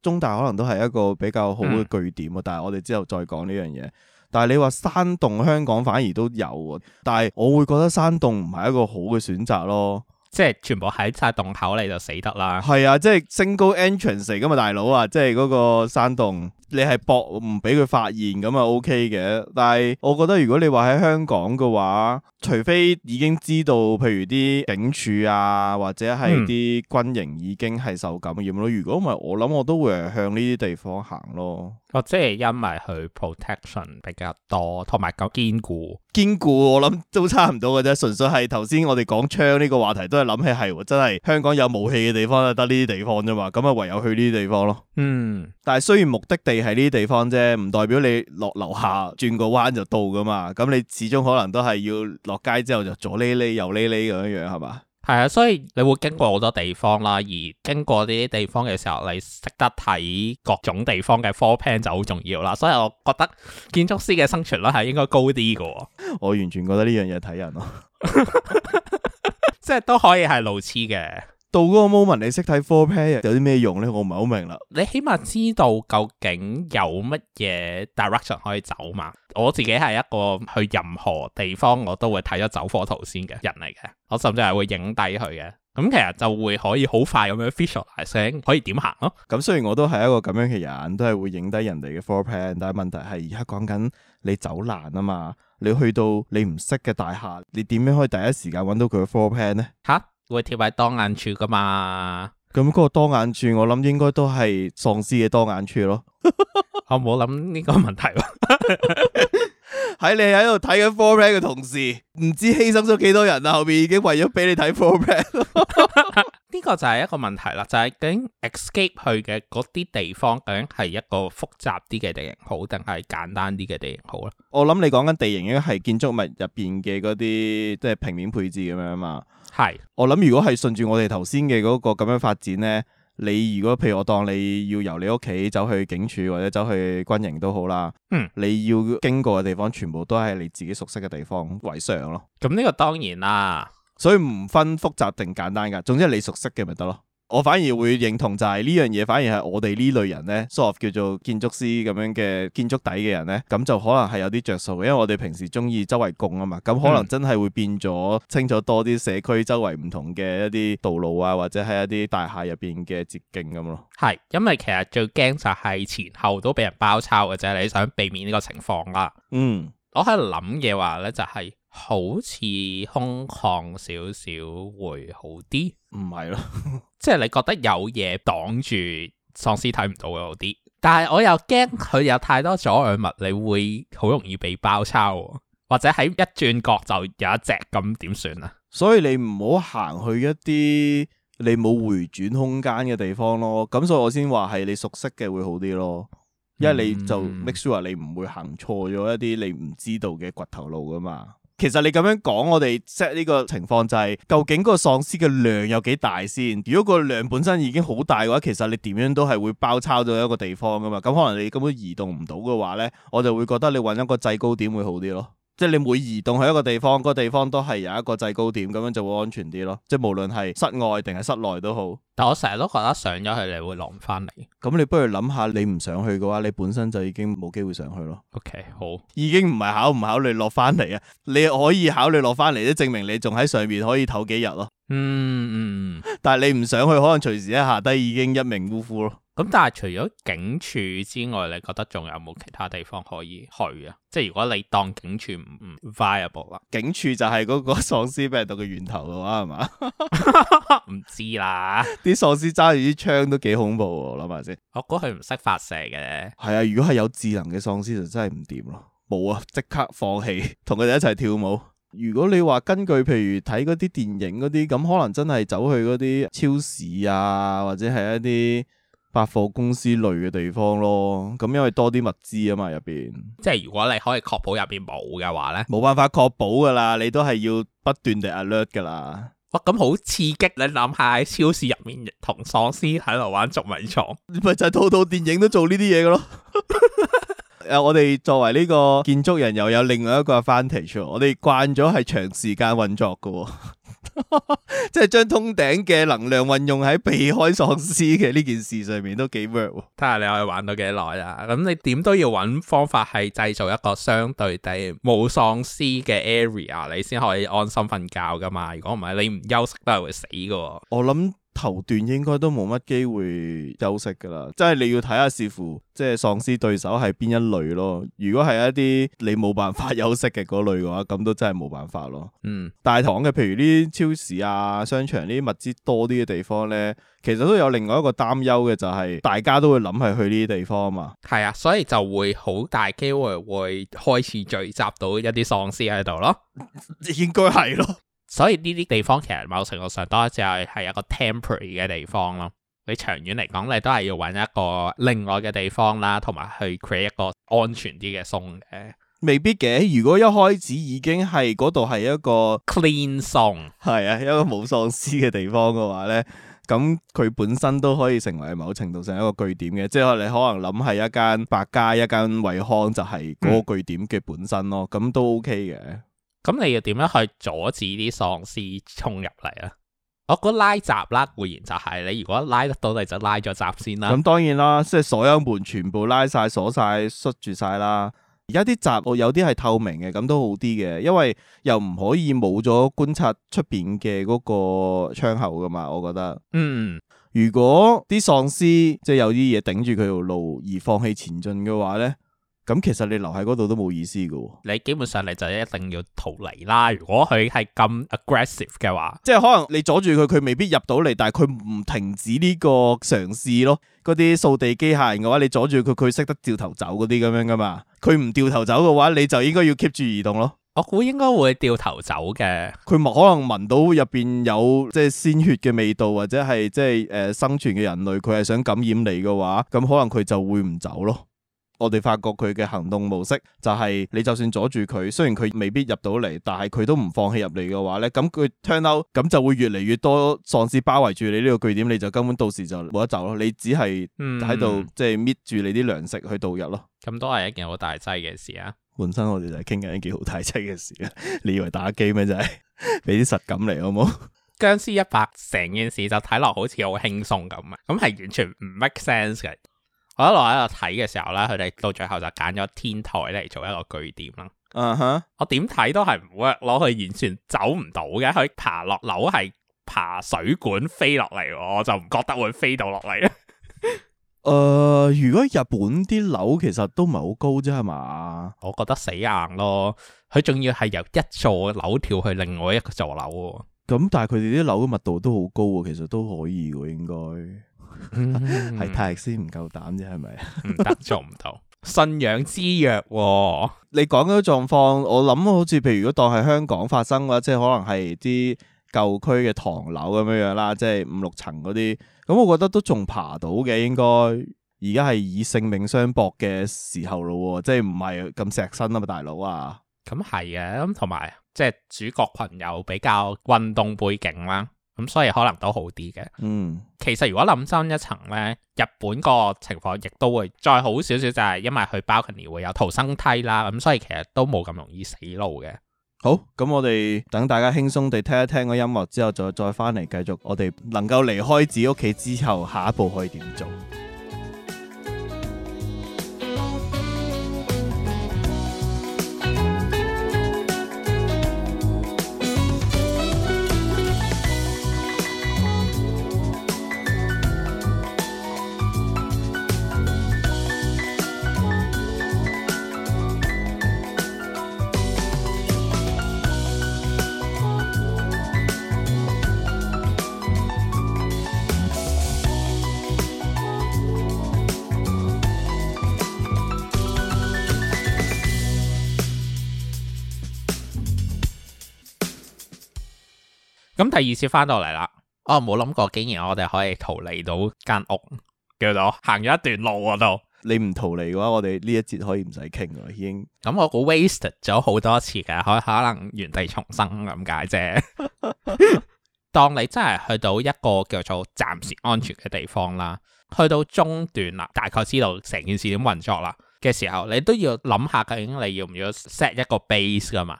中大可能都係一個比較好嘅據點啊，嗯、但係我哋之後再講呢樣嘢。但係你話山洞香港反而都有，但係我會覺得山洞唔係一個好嘅選擇咯。即係全部喺晒洞口你就死得啦，係啊，即係 single entrance 嚟噶嘛，大佬啊，即係嗰個山洞，你係搏唔俾佢發現咁啊 OK 嘅，但係我覺得如果你話喺香港嘅話。除非已經知道，譬如啲警署啊，或者係啲軍營已經係受感染咯。嗯、如果唔係，我諗我都會向呢啲地方行咯。哦，即係因為佢 protection 比較多，同埋夠堅固。堅固我諗都差唔多嘅啫。純粹係頭先我哋講槍呢個話題，都係諗起係真係香港有武器嘅地方，就得呢啲地方啫嘛。咁啊，唯有去呢啲地方咯。嗯，但係雖然目的地係呢啲地方啫，唔代表你落樓下轉個彎就到噶嘛。咁你始終可能都係要。落街之後就左呢呢右呢呢咁樣樣係嘛？係啊，所以你會經過好多地方啦，而經過呢啲地方嘅時候，你識得睇各種地方嘅 floor plan 就好重要啦。所以我覺得建築師嘅生存率係應該高啲嘅。我完全覺得呢樣嘢睇人咯，即係都可以係路痴嘅。到嗰個 moment，你識睇 floor plan 有啲咩用呢？我唔係好明啦。你起碼知道究竟有乜嘢 direction 可以走嘛？我自己係一個去任何地方我都會睇咗走火圖先嘅人嚟嘅，我甚至係會影低佢嘅。咁其實就會可以好快咁樣 visual 化聲可以點行咯。咁雖然我都係一個咁樣嘅人，都係會影低人哋嘅 floor plan，但係問題係而家講緊你走難啊嘛。你去到你唔識嘅大廈，你點樣可以第一時間揾到佢嘅 floor plan 呢？嚇！會貼喺當眼處噶嘛？咁嗰個當眼處，我諗應該都係喪屍嘅當眼處咯。 我冇諗呢個問題喎。喺 你喺度睇緊 floor plan 嘅同時，唔知犧牲咗幾多人啊？後面已經為咗俾你睇 floor plan。呢個就係一個問題啦，就係究竟 Escape 去嘅嗰啲地方究竟係一個複雜啲嘅地形好，定係簡單啲嘅地形好咧？我諗你講緊地形應該係建築物入邊嘅嗰啲，即係平面配置咁樣嘛。係，我諗，如果係順住我哋頭先嘅嗰個咁樣發展呢，你如果譬如我當你要由你屋企走去警署或者走去軍營都好啦，嗯，你要經過嘅地方全部都係你自己熟悉嘅地方為上咯。嗯，咁呢個當然啦。所以唔分複雜定簡單噶，總之你熟悉嘅咪得咯。我反而會認同就係呢樣嘢，反而係我哋呢類人呢。soft 叫做建築師咁樣嘅建築底嘅人呢，咁就可能係有啲着數嘅，因為我哋平時中意周圍逛啊嘛，咁可能真係會變咗清楚多啲社區周圍唔同嘅一啲道路啊，或者喺一啲大廈入邊嘅捷徑咁咯。係，因為其實最驚就係前後都俾人包抄嘅啫，你想避免呢個情況啦。嗯，我喺度諗嘅話呢，就係、是。好似空曠少少會好啲，唔係咯，即係你覺得有嘢擋住喪屍睇唔到嘅嗰啲，但係我又驚佢有太多阻礙物，你會好容易被包抄，或者喺一轉角就有一隻，咁點算啊？所以你唔好行去一啲你冇回轉空間嘅地方咯，咁所以我先話係你熟悉嘅會好啲咯，因為你就 make sure 你唔會行錯咗一啲你唔知道嘅掘頭路噶嘛。其實你咁樣講，我哋 set 呢個情況就係究竟個喪屍嘅量有幾大先？如果個量本身已經好大嘅話，其實你點樣都係會包抄到一個地方㗎嘛。咁可能你根本移動唔到嘅話咧，我就會覺得你揾一個制高點會好啲咯。即係你每移動去一個地方，嗰個地方都係有一個制高點，咁樣就會安全啲咯。即係無論係室外定係室內都好。但我成日都覺得上咗去你會落唔翻嚟。咁你不如諗下，你唔上去嘅話，你本身就已經冇機會上去咯。OK，好，已經唔係考唔考慮落翻嚟啊！你可以考慮落翻嚟，都證明你仲喺上面可以唞幾日咯。嗯嗯，嗯但係你唔上去，可能隨時一下低已經一命嗚呼咯。咁但係除咗警署之外，你覺得仲有冇其他地方可以去啊？即係如果你當警署唔唔 viable 啦，警署就係嗰個喪屍病毒嘅源頭嘅話係嘛？唔 知啦，啲喪屍揸住啲槍都幾恐怖，諗下先。我估佢唔識發射嘅。係啊，如果係有智能嘅喪屍就真係唔掂咯。冇啊，即刻放棄，同佢哋一齊跳舞。如果你話根據譬如睇嗰啲電影嗰啲，咁可能真係走去嗰啲超市啊，或者係一啲。百貨公司類嘅地方咯，咁因為多啲物資啊嘛入邊。即係如果你可以確保入邊冇嘅話咧，冇辦法確保噶啦，你都係要不斷地 alert 噶啦。哇，咁好刺激！你諗下喺超市入面同喪屍喺度玩捉迷藏，咪就係套套電影都做呢啲嘢嘅咯。誒 我哋作為呢個建築人，又有另外一個 advantage，我哋慣咗係長時間運作嘅。 即係將通頂嘅能量運用喺避開喪屍嘅呢件事上面都幾 work。睇下你可以玩到幾耐啦。咁你點都要揾方法係製造一個相對地冇喪屍嘅 area，你先可以安心瞓覺噶嘛。如果唔係，你唔休息都係會死噶。我諗。頭段應該都冇乜機會休息噶啦，即係你要睇下視乎即係喪屍對手係邊一類咯。如果係一啲你冇辦法休息嘅嗰類嘅話，咁都真係冇辦法咯。嗯，大堂嘅譬如啲超市啊、商場呢啲物資多啲嘅地方呢，其實都有另外一個擔憂嘅，就係大家都會諗係去呢啲地方嘛。係啊，所以就會好大機會會開始聚集到一啲喪屍喺度咯，應該係咯。所以呢啲地方其實某程度上都係係一個 temporary 嘅地方咯。你長遠嚟講，你都係要揾一個另外嘅地方啦，同埋去 create 一個安全啲嘅 zone，未必嘅，如果一開始已經係嗰度係一個 clean zone，song .係啊，一個冇喪屍嘅地方嘅話呢，咁佢本身都可以成為某程度上一個據點嘅。即係你可能諗係一間百佳、一間惠康就係嗰個據點嘅本身咯。咁、嗯、都 OK 嘅。咁你又點樣去阻止啲喪屍衝入嚟啊？我個拉閘啦，固然就係你如果拉得到，你就拉咗閘先啦。咁當然啦，即係所有門全部拉晒鎖晒，塞住晒啦。而家啲閘我有啲係透明嘅，咁都好啲嘅，因為又唔可以冇咗觀察出邊嘅嗰個窗口噶嘛。我覺得，嗯，如果啲喪屍即係有啲嘢頂住佢條路而放棄前進嘅話咧，咁其實你留喺嗰度都冇意思噶，你基本上你就一定要逃離啦。如果佢係咁 aggressive 嘅話，即係可能你阻住佢，佢未必入到嚟，但係佢唔停止呢個嘗試咯。嗰啲掃地機械人嘅話，你阻住佢，佢識得掉頭走嗰啲咁樣噶嘛。佢唔掉頭走嘅話，你就應該要 keep 住移動咯。我估應該會掉頭走嘅。佢可能聞到入邊有即係鮮血嘅味道，或者係即係誒、呃、生存嘅人類，佢係想感染你嘅話，咁可能佢就會唔走咯。我哋發覺佢嘅行動模式就係你就算阻住佢，雖然佢未必入到嚟，但係佢都唔放棄入嚟嘅話呢，咁佢 turn out 咁就會越嚟越多喪屍包圍住你呢個據點，你就根本到時就冇得走咯。你只係喺度即係搣住你啲糧食去度日咯。咁、嗯、都係一件好大劑嘅事啊！本身我哋就係傾緊一件好大劑嘅事啊！ 你以為打機咩就係？俾 啲實感嚟好冇？僵屍一百成件事就睇落好似好輕鬆咁啊！咁係完全唔 make sense 嘅。我一路喺度睇嘅時候咧，佢哋到最後就揀咗天台嚟做一個據點啦。嗯哼、uh，huh. 我點睇都係唔 work，攞佢完全走唔到嘅。佢爬落樓係爬水管飛落嚟，我就唔覺得會飛到落嚟。誒 ，uh, 如果日本啲樓其實都唔係好高啫，係嘛？我覺得死硬咯，佢仲要係由一座樓跳去另外一座樓。咁但係佢哋啲樓嘅密度都好高啊，其實都可以嘅應該。係泰 斯唔夠膽啫，係咪？唔得，做唔到。 信仰之躍、哦，你講嗰啲狀況，我諗好似，譬如如果當係香港發生嘅話，即係可能係啲舊區嘅唐樓咁樣樣啦，即係五六層嗰啲，咁我覺得都仲爬到嘅應該。而家係以性命相搏嘅時候咯，即係唔係咁錫身啊嘛，大佬啊。咁係啊，咁同埋即係主角群又比較運動背景啦。咁所以可能都好啲嘅。嗯，其實如果諗深一層呢，日本個情況亦都會再好少少，就係因為佢 balcony 會有逃生梯啦。咁、嗯、所以其實都冇咁容易死路嘅。嗯、好，咁我哋等大家輕鬆地聽一聽個音樂之後，再再翻嚟繼續，我哋能夠離開自己屋企之後，下一步可以點做？咁第二次翻到嚟啦，我冇諗過，竟然我哋可以逃離到間屋，叫做行咗一段路啊！都你唔逃離嘅話，我哋呢一節可以唔使傾啦，已經。咁、嗯、我好 wasted 咗好多次嘅，可可能原地重生咁解啫。 當你真係去到一個叫做暫時安全嘅地方啦，去到中段啦，大概知道成件事點運作啦嘅時候，你都要諗下究竟你要唔要 set 一個 base 噶嘛？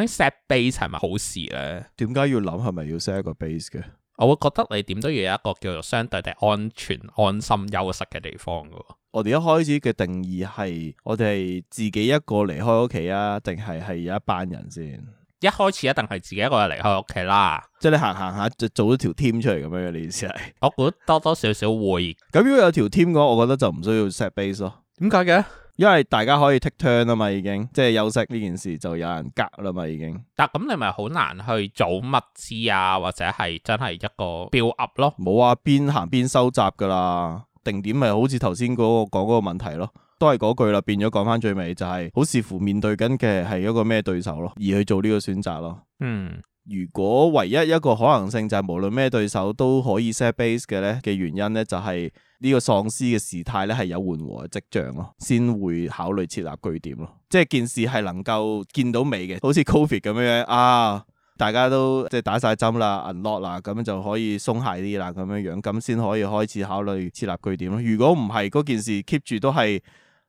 咁 set base 係咪好事咧？點解要諗係咪要 set 一個 base 嘅？我會覺得你點都要有一個叫做相對地安全、安心、休息嘅地方噶。我哋一開始嘅定義係，我哋自己一個離開屋企啊，定係係有一班人先。一開始一定係自己一個人離開屋企啦，即係你行行下就做咗條 team 出嚟咁樣嘅，你意思係。 我估多多少少會。咁如果有條 team 嘅話，我覺得就唔需要 set base 咯。點解嘅？因為大家可以 take turn 啊嘛，已經即係休息呢件事就有人隔啦嘛，已經。但係咁你咪好難去組物資啊，或者係真係一個 build up 咯。冇啊，邊行邊收集噶啦。定點咪好似頭先嗰個講嗰個問題咯，都係嗰句啦，變咗講翻最尾就係好視乎面對緊嘅係一個咩對手咯，而去做呢個選擇咯。嗯。如果唯一一個可能性就係無論咩對手都可以 set base 嘅咧嘅原因咧，就係呢個喪屍嘅事態咧係有緩和嘅跡象咯，先會考慮設立據點咯。即係件事係能夠見到尾嘅，好似 Covid 咁樣樣啊，大家都即係打晒針啦、銀落 o c 啦，咁樣就可以鬆懈啲啦，咁樣這樣咁先可以開始考慮設立據點咯。如果唔係嗰件事 keep 住都係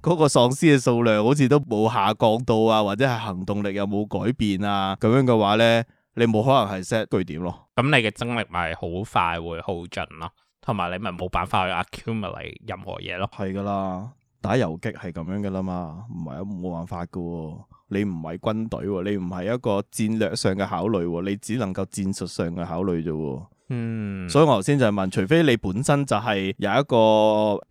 嗰個喪屍嘅數量好似都冇下降到啊，或者係行動力有冇改變啊咁樣嘅話咧？你冇可能係 set 據點咯，咁你嘅精力咪好快會耗盡咯，同埋你咪冇辦法去 accumulate 任何嘢咯，係噶啦，打遊擊係咁樣噶啦嘛，唔係都冇辦法噶，你唔係軍隊，你唔係一個戰略上嘅考慮，你只能夠戰術上嘅考慮啫。嗯，所以我頭先就係問，除非你本身就係有一個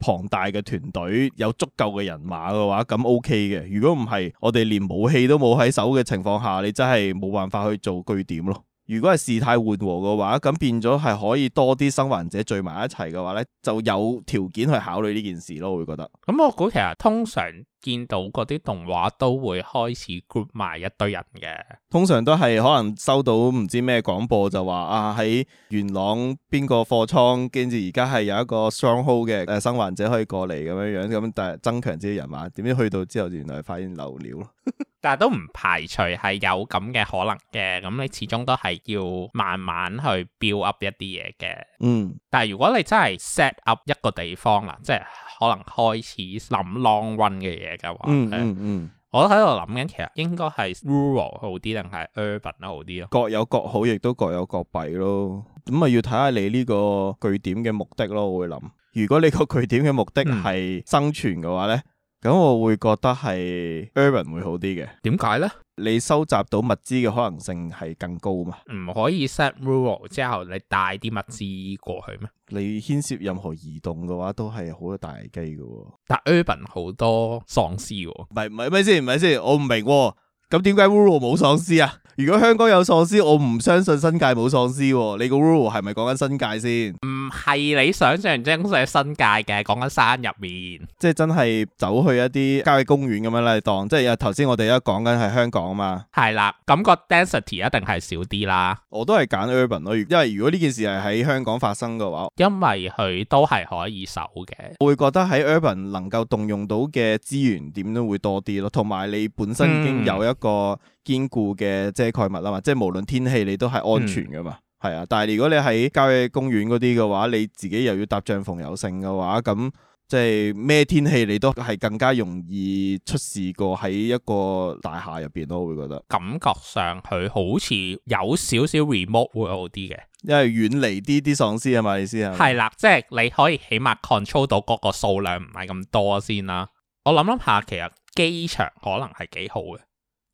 龐大嘅團隊，有足夠嘅人馬嘅話，咁 OK 嘅。如果唔係，我哋連武器都冇喺手嘅情況下，你真係冇辦法去做據點咯。如果係事態緩和嘅話，咁變咗係可以多啲生還者聚埋一齊嘅話咧，就有條件去考慮呢件事咯。我會覺得。咁、嗯、我估其實通常。見到嗰啲動畫都會開始 group 埋一堆人嘅，通常都係可能收到唔知咩廣播就話啊，喺元朗邊個貨倉，跟住而家係有一個 stronghold 嘅誒生還者可以過嚟咁樣樣，咁但係增強自己人馬，點知去到之後原來發現漏尿，咯。 但係都唔排除係有咁嘅可能嘅，咁你始終都係要慢慢去 build up 一啲嘢嘅。嗯。但係如果你真係 set up 一個地方啦，即係可能開始諗 long run 嘅嘢嘅話，嗯嗯嗯，嗯我都喺度諗緊，其實應該係 rural 好啲定係 urban 好啲咯？各有各好，亦都各有各弊咯。咁啊，要睇下你呢個據點嘅目的咯。我會諗，如果你個據點嘅目的係生存嘅話咧。嗯咁我會覺得係 urban 會好啲嘅，點解咧？你收集到物資嘅可能性係更高嘛？唔可以 set rural 之後你帶啲物資過去咩？你牽涉任何移動嘅話都、哦哦，都係好多大機嘅。但 urban 好多喪屍喎，唔係唔係咪先？唔係先？我唔明、哦。咁點解 rural 冇喪屍啊？如果香港有喪屍，我唔相信新界冇喪屍。你個 rural 係咪講緊新界先？嗯係你想象之中嘅新界嘅，講緊山入面，即係真係走去一啲郊野公園咁樣嚟當，即係又頭先我哋而家講緊係香港啊嘛，係啦，感覺 density 一定係少啲啦。我都係揀 urban 咯，因為如果呢件事係喺香港發生嘅話，因為佢都係可以守嘅，我會覺得喺 urban 能夠動用到嘅資源點都會多啲咯，同埋你本身已經有一個堅固嘅遮蓋物啊嘛，嗯、即係無論天氣你都係安全噶嘛。嗯係啊，但係如果你喺郊野公園嗰啲嘅話，你自己又要搭帳篷又剩嘅話，咁即係咩天氣你都係更加容易出事過喺一個大廈入邊咯，我會覺得感覺上佢好似有少少 remote 會好啲嘅，因為遠離啲啲喪屍啊嘛，你意思啊？係啦，即係你可以起碼 control 到嗰個數量唔係咁多先啦。我諗諗下，其實機場可能係幾好嘅。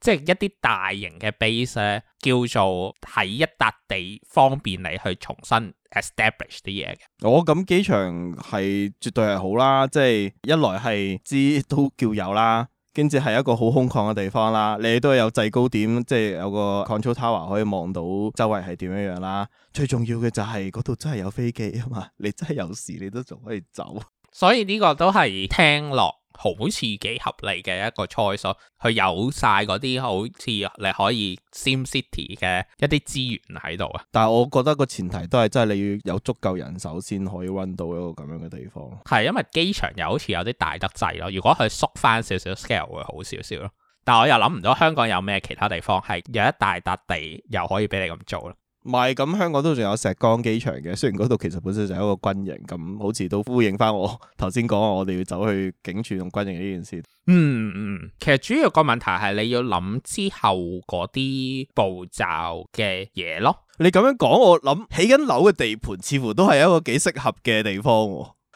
即係一啲大型嘅 base 咧，叫做喺一笪地，方便你去重新 establish 啲嘢嘅。哦，咁機場係絕對係好啦，即係一來係知都叫有啦，跟住係一個好空曠嘅地方啦，你都有制高點，即係有個 control tower 可以望到周圍係點樣樣啦。最重要嘅就係嗰度真係有飛機啊嘛，你真係有事你都仲可以走。所以呢個都係聽落。好似幾合理嘅一個 choice，佢有晒嗰啲好似你可以 SimCity 嘅一啲資源喺度啊！但係我覺得個前提都係，真係你要有足夠人手先可以揾到一個咁樣嘅地方。係因為機場又好似有啲大得滯咯，如果佢縮翻少少 scale 會好少少咯。但係我又諗唔到香港有咩其他地方係有一大笪地又可以俾你咁做啦。唔係咁香港都仲有石崗機場嘅，雖然嗰度其實本身就係一個軍營，咁好似都呼應翻我頭先講我哋要走去警署同軍營呢件事。嗯嗯，其實主要個問題係你要諗之後嗰啲步驟嘅嘢咯。你咁樣講，我諗起緊樓嘅地盤似乎都係一個幾適合嘅地方，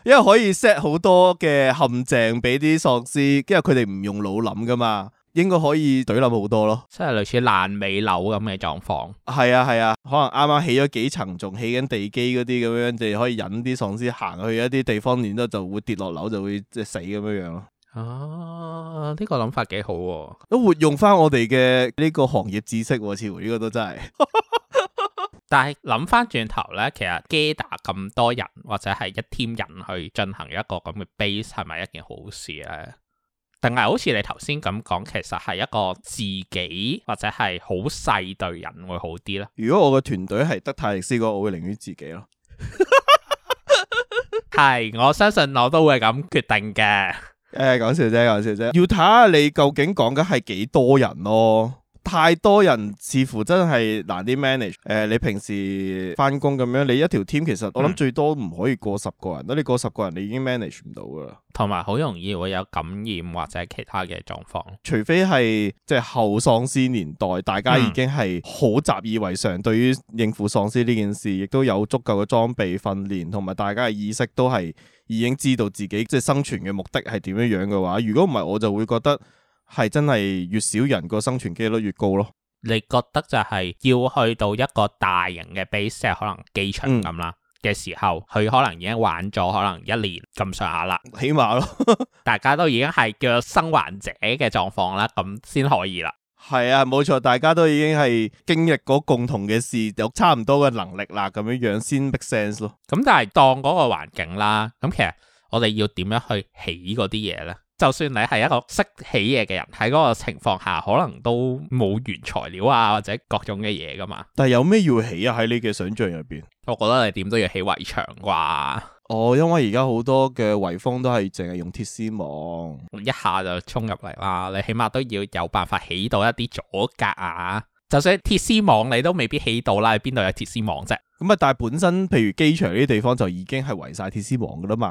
因為可以 set 好多嘅陷阱俾啲喪屍，因為佢哋唔用腦諗噶嘛。應該可以懟冧好多咯，即係類似爛尾樓咁嘅狀況。係啊係啊，可能啱啱起咗幾層，仲起緊地基嗰啲咁樣，就可以引啲喪屍行去一啲地方，然之後就會跌落樓，就會即係死咁樣樣咯。啊，呢、呢個諗法幾好，啊，都活用翻我哋嘅呢個行業知識，啊，似乎呢個都真係。 但係諗翻轉頭咧，其實 gather 咁多人或者係一 team 人去進行一個咁嘅 base，係咪一件好事咧？定係好似你頭先咁講，其實係一個自己或者係好細隊人會好啲咧。如果我嘅團隊係得泰力斯嘅話，我會寧願自己咯。係， 我相信我都會咁決定嘅。誒、欸，講笑啫，講笑啫，要睇下你究竟講緊係幾多人咯、哦。太多人似乎真係難啲 manage。誒、呃，你平時翻工咁樣，你一條 team 其實我諗最多唔可以過十個人啦。嗯、你過十個人，你已經 manage 唔到噶啦。同埋好容易會有感染或者其他嘅狀況。除非係即係後喪屍年代，大家已經係好習以為常，對於應付喪屍呢件事，亦、嗯、都有足夠嘅裝備訓練，同埋大家嘅意識都係已經知道自己即係生存嘅目的係點樣樣嘅話。如果唔係，我就會覺得。係真係越少人個生存幾率越高咯。你覺得就係要去到一個大型嘅 base，就係可能機場咁啦嘅時候，佢可能已經玩咗可能一年咁上下啦，起碼咯，大家都已經係叫做生還者嘅狀況啦，咁先可以啦。係啊，冇錯，大家都已經係經歷過共同嘅事，有差唔多嘅能力啦，咁樣樣先 make sense 咯。咁但係當嗰個環境啦，咁其實我哋要點樣去起嗰啲嘢呢？就算你係一個識起嘢嘅人，喺嗰個情況下，可能都冇原材料啊，或者各種嘅嘢噶嘛。但係有咩要起啊？喺你嘅想象入邊，我覺得你點都要起圍牆啩。哦，因為而家好多嘅圍封都係淨係用鐵絲網，一下就衝入嚟啦。你起碼都要有辦法起到一啲阻隔啊。就算鐵絲網，你都未必起到啦。你邊度有鐵絲網啫？咁啊，但係本身譬如機場呢啲地方就已經係圍晒鐵絲網噶啦嘛。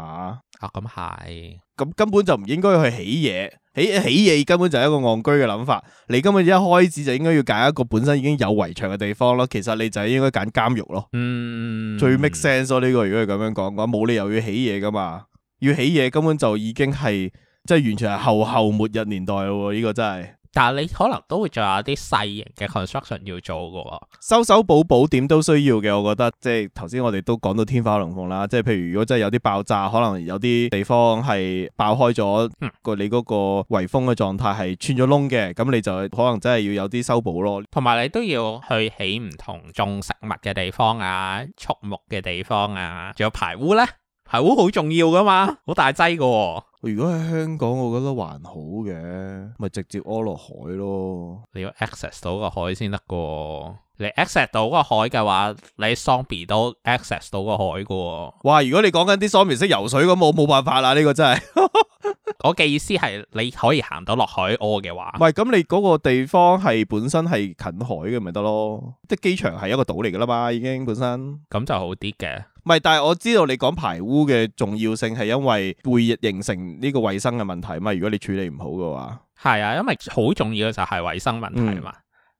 啊、哦，咁係。咁根本就唔應該去起嘢，起起嘢根本就係一個戇居嘅諗法。你根本一開始就應該要揀一個本身已經有圍牆嘅地方咯。其實你就係應該揀監獄咯。嗯，最 make sense 咯呢個。如果係咁樣講嘅話，冇理由要起嘢噶嘛。要起嘢根本就已經係即係完全係後後末日年代咯。呢個真係。但係你可能都會仲有啲細型嘅 construction 要做嘅，哦，修修補補點都需要嘅。我覺得即係頭先我哋都講到天花龍鳳啦，即係譬如如果真係有啲爆炸，可能有啲地方係爆開咗，個、嗯，你嗰個圍封嘅狀態係穿咗窿嘅，咁你就可能真係要有啲修補咯。同埋你都要去起唔同種食物嘅地方啊、畜牧嘅地方啊，仲有排污咧。係好重要噶嘛？好大劑噶喎。如果喺香港，我覺得還好嘅，咪直接屙落海咯。你要 access 到個海先得噶。你 access 到個海嘅話，你 zombie 都 access 到個海噶喎。哇！如果你講緊啲 zombie 識游水咁，我冇辦法啦。呢、呢個真係。 我嘅意思係，你可以行到落海屙嘅話。喂，係，咁你嗰個地方係本身係近海嘅咪得咯？即係機場係一個島嚟噶啦嘛，已經本身。咁就好啲嘅。唔係，但係我知道你講排污嘅重要性係因為會形成呢個衛生嘅問題嘛。如果你處理唔好嘅話，係啊，因為好重要嘅就係衛生問題嘛。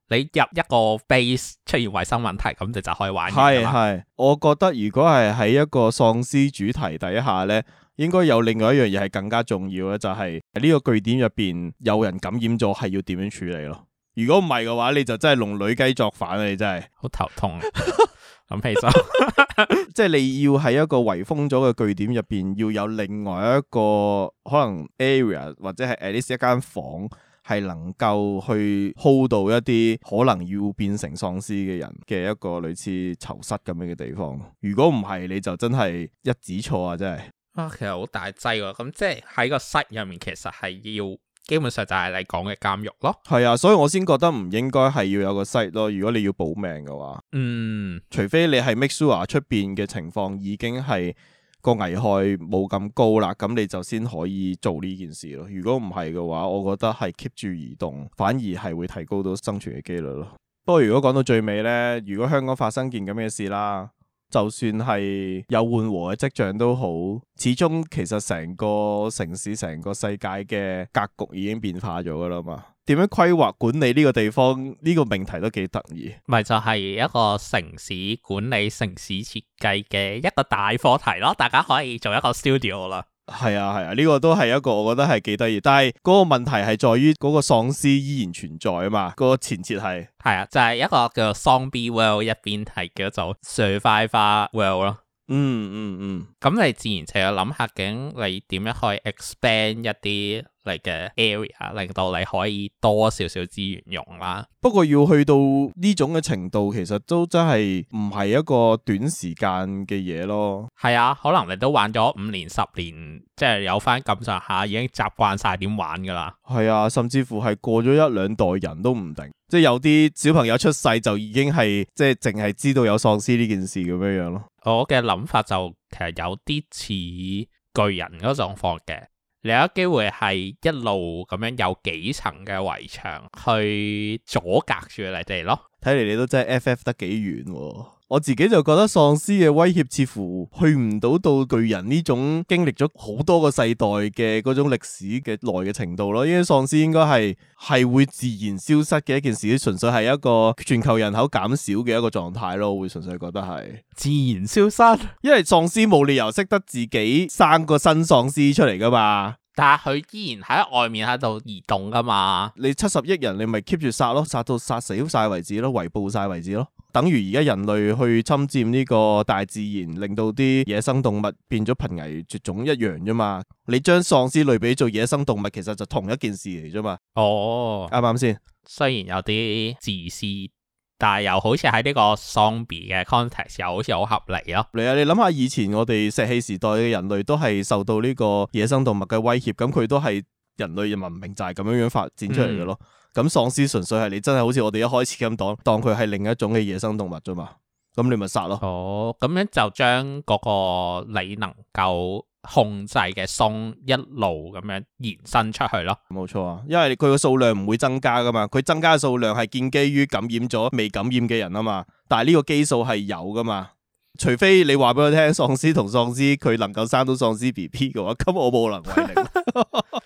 嗯、你入一個 base 出現衛生問題，咁就就可以玩嘅啦。係係，我覺得如果係喺一個喪屍主題底下呢，應該有另外一樣嘢係更加重要嘅，就係喺呢個據點入邊有人感染咗，係要點樣處理咯？如果唔係嘅話，你就真係龍女雞作反啊！你真係好頭痛啊！ 咁其實即係你要喺一個圍封咗嘅據點入邊，要有另外一個可能 area 或者係 at least 一間房係能夠去 hold 到一啲可能要變成喪屍嘅人嘅一個類似囚室咁樣嘅地方。如果唔係，你就真係一指錯啊！真係啊，其實好大劑㗎、啊。咁即係喺個室入面，其實係要。基本上就係你講嘅監獄咯，係啊，所以我先覺得唔應該係要有個 site 咯。如果你要保命嘅話，嗯，除非你係 make sure 出邊嘅情況已經係個危害冇咁高啦，咁你就先可以做呢件事咯。如果唔係嘅話，我覺得係 keep 住移動，反而係會提高到生存嘅幾率咯。不過如果講到最尾呢，如果香港發生件咁嘅事啦。就算係有緩和嘅跡象都好，始終其實成個城市、成個世界嘅格局已經變化咗㗎啦嘛。點樣規劃管理呢個地方呢，呢個命題都幾得意。咪就係一個城市管理、城市設計嘅一個大課題咯，大家可以做一個 studio 啦。係啊係啊，呢、啊這個都係一個我覺得係幾得意，但係嗰個問題係在於嗰個喪屍依然存在啊嘛，嗰個前設係係啊，就係、是、一個叫 zombie world 一邊係叫做 survival Well 咯、嗯，嗯嗯嗯，咁你自然就要諗下，究竟你點樣去 expand 一啲。嚟嘅 area 令到你可以多少少資源用啦。不過要去到呢種嘅程度，其實都真係唔係一個短時間嘅嘢咯。係啊，可能你都玩咗五年、十年，即係有翻咁上下，已經習慣晒點玩噶啦。係啊，甚至乎係過咗一兩代人都唔定，即係有啲小朋友出世就已經係即係淨係知道有喪屍呢件事咁樣樣咯。我嘅諗法就其實有啲似巨人嗰種情況嘅。你有機會係一路咁樣有幾層嘅圍牆去阻隔住你哋咯，睇嚟你都真係 FF 得幾遠喎～我自己就覺得喪屍嘅威脅似乎去唔到到巨人呢種經歷咗好多個世代嘅嗰種歷史嘅耐嘅程度咯，因為喪屍應該係係會自然消失嘅一件事，純粹係一個全球人口減少嘅一個狀態咯，我會純粹覺得係自然消失，因為喪屍冇理由識得自己生個新喪屍出嚟㗎嘛。但係佢依然喺外面喺度移動噶嘛？你七十億人，你咪 keep 住殺咯，殺到殺死晒為止咯，圍捕晒為止咯，等於而家人類去侵占呢個大自然，令到啲野生動物變咗瀕危絕種一樣啫嘛？你將喪屍類比做野生動物，其實就同一件事嚟啫嘛。哦，啱啱先？雖然有啲自私。但係又好似喺呢個喪屍嘅 context，又好似好合理啊。你啊，你諗下以前我哋石器時代嘅人類都係受到呢個野生動物嘅威脅，咁佢都係人類嘅文明就係咁樣樣發展出嚟嘅咯。咁、嗯、喪屍純粹係你真係好似我哋一開始咁當，當佢係另一種嘅野生動物啫嘛。咁你咪殺咯。哦，咁樣就將嗰個你能夠。控制嘅松一路咁樣延伸出去咯。冇錯啊，因為佢個數量唔會增加噶嘛，佢增加嘅數量係建基於感染咗未感染嘅人啊嘛，但係呢個基數係有噶嘛，除非你話俾我聽，喪屍同喪屍佢能夠生到喪屍 B B 嘅話，咁我冇能為力。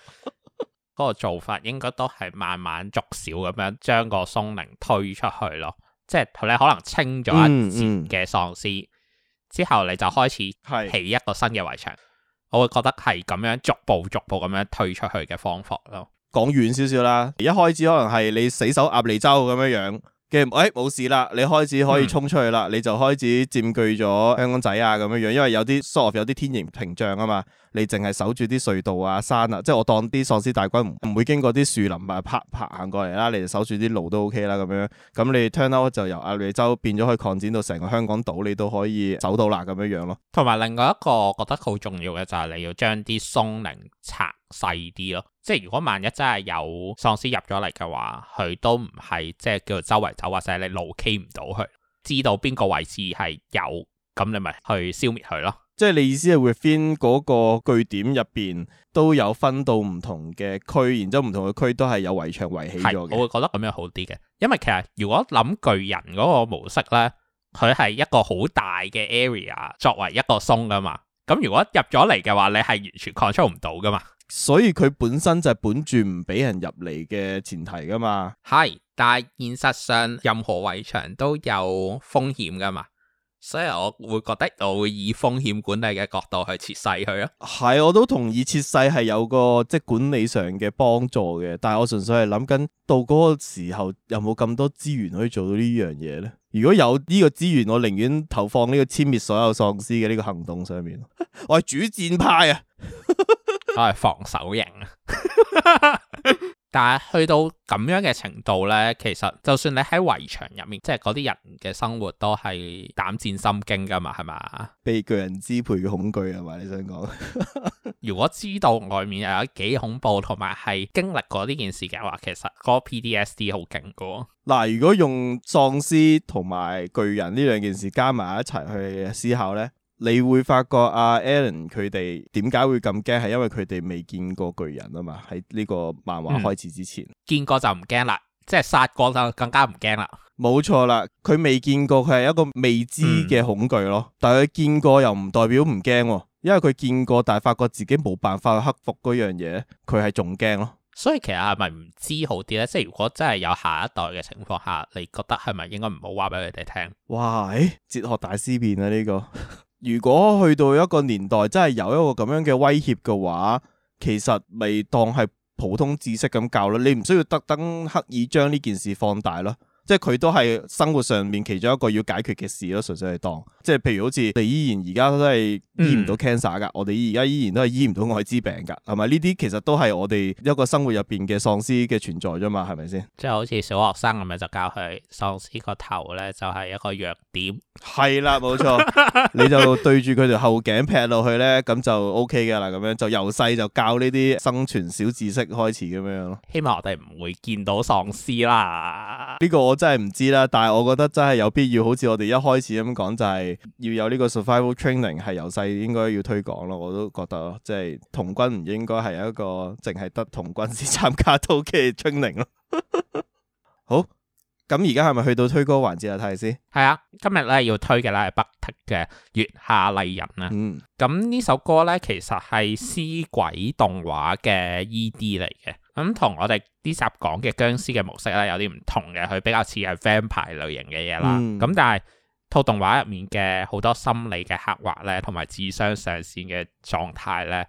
個做法應該都係慢慢逐少咁樣將個松林推出去咯，即係你可能清咗一截嘅喪屍，嗯嗯、之後，你就開始起一個新嘅圍牆。我會覺得係咁樣逐步逐步咁樣退出去嘅方法咯。講遠少少啦，一開始可能係你死守鴨脷洲咁樣嘅，哎，冇事啦，你開始可以衝出去啦，嗯、你就開始佔據咗香港仔啊，咁樣樣，因為有啲 sort of 有啲天然屏障啊嘛，你淨係守住啲隧道啊、山啊，即係我當啲喪屍大軍唔會經過啲樹林啊，爬爬行過嚟啦，你守住啲路都 OK 啦，咁樣，咁你 turn out 就由鴨脷洲變咗可以擴展到成個香港島，你都可以走到啦，咁樣樣咯。同埋另外一個覺得好重要嘅就係你要將啲松林拆細啲咯。即係如果萬一真係有喪屍入咗嚟嘅話，佢都唔係即係叫周圍走，或者你路 K 唔到佢，知道邊個位置係有，咁你咪去消滅佢咯。即係你意思係 Raven 嗰個據點入邊都有分到唔同嘅區，然之後唔同嘅區都係有圍牆圍起咗嘅。我會覺得咁樣好啲嘅，因為其實如果諗巨人嗰個模式咧，佢係一個好大嘅 area 作為一個松噶嘛。咁如果入咗嚟嘅話，你係完全 control 唔到噶嘛。所以佢本身就係本住唔俾人入嚟嘅前提噶嘛。係，但係現實上任何圍牆都有風險噶嘛。所以我會覺得我會以風險管理嘅角度去設細佢啊，係，我都同意設細係有個即係管理上嘅幫助嘅。但係我純粹係諗緊到個時候有冇咁多資源可以做到呢樣嘢咧。如果有呢個資源，我寧願投放呢個殲滅所有喪屍嘅呢個行動上面，我係主戰派啊， 我係防守型啊。但係去到咁樣嘅程度咧，其實就算你喺圍牆入面，即係嗰啲人嘅生活都係膽戰心驚噶嘛，係嘛？被巨人支配嘅恐懼啊嘛，你想講？ 如果知道外面又有幾恐怖，同埋係經歷過呢件事嘅話，其實個 PDSD 好勁噶。嗱，如果用喪屍同埋巨人呢兩件事加埋一齊去思考咧？你會發覺阿 Alan 佢哋點解會咁驚，係因為佢哋未見過巨人啊嘛。喺呢個漫畫開始之前，嗯、見過就唔驚啦，即係殺過就更加唔驚啦。冇錯啦，佢未見過，佢係一個未知嘅恐懼咯。嗯、但係佢見過又唔代表唔驚，因為佢見過，但係發覺自己冇辦法克服嗰樣嘢，佢係仲驚咯。所以其實係咪唔知好啲呢？即係如果真係有下一代嘅情況下，你覺得係咪應該唔好話俾佢哋聽？哇！誒，哲學大思辨啦呢個。 如果去到一個年代，真係有一個咁樣嘅威脅嘅話，其實咪當係普通知識咁教咯，你唔需要特登刻意將呢件事放大咯，即係佢都係生活上面其中一個要解決嘅事咯，純粹係當。即係譬如好似我哋依然而家都係醫唔到 cancer 噶，嗯、我哋依家依然都係醫唔到艾滋病噶，係咪？呢啲其實都係我哋一個生活入邊嘅喪屍嘅存在啫嘛，係咪先？即係好似小學生咁樣就教佢喪屍個頭咧，就係、是、一個弱點。係啦，冇錯， 你就對住佢條後頸劈落去咧，咁就 O K 噶啦。咁樣就由細就教呢啲生存小知識開始咁樣咯。希望我哋唔會見到喪屍啦。呢個我真係唔知啦，但係我覺得真係有必要，好似我哋一開始咁講就係、是。要有呢個 survival training 係由細應該要推廣咯，我都覺得即係童軍唔應該係一個淨係得童軍先參加到嘅 training 咯。 好，咁而家係咪去到推歌環節啊？睇先。係啊，今日咧要推嘅咧係 BUCK-TICK 嘅月下麗人啊。嗯。咁呢首歌咧其實係屍鬼動畫嘅 ED 嚟嘅。咁同我哋呢集講嘅殭屍嘅模式咧有啲唔同嘅，佢比較似係 vampire 類型嘅嘢啦。咁、嗯、但係。套動畫入面嘅好多心理嘅刻畫咧，同埋智商上線嘅狀態咧，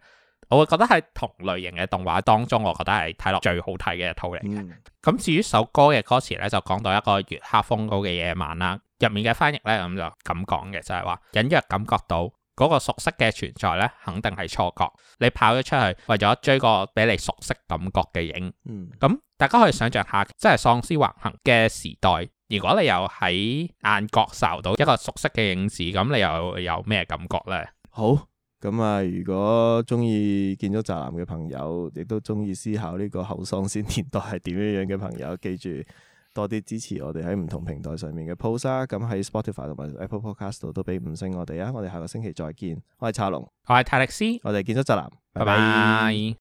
我會覺得喺同類型嘅動畫當中，我覺得係睇落最好睇嘅一套嚟嘅。咁、嗯、至於首歌嘅歌詞咧，就講到一個月黑風高嘅夜晚啦，入面嘅翻譯咧咁就咁講嘅，就係、是、話隱約感覺到嗰、那個熟悉嘅存在咧，肯定係錯覺。你跑咗出去為咗追個俾你熟悉感覺嘅影。咁、嗯、大家可以想象下，即係喪屍橫行嘅時代。如果你又喺眼角受到一個熟悉嘅影子，咁你又有咩感覺呢？好，咁啊，如果中意建築宅男嘅朋友，亦都中意思考呢個後喪屍年代係點樣樣嘅朋友，記住多啲支持我哋喺唔同平台上面嘅 post 啊！咁喺 Spotify 同埋 Apple Podcast 都俾五星我哋啊！我哋下個星期再見，我係查龍，我係泰力斯，我哋建築宅男，拜拜。拜拜。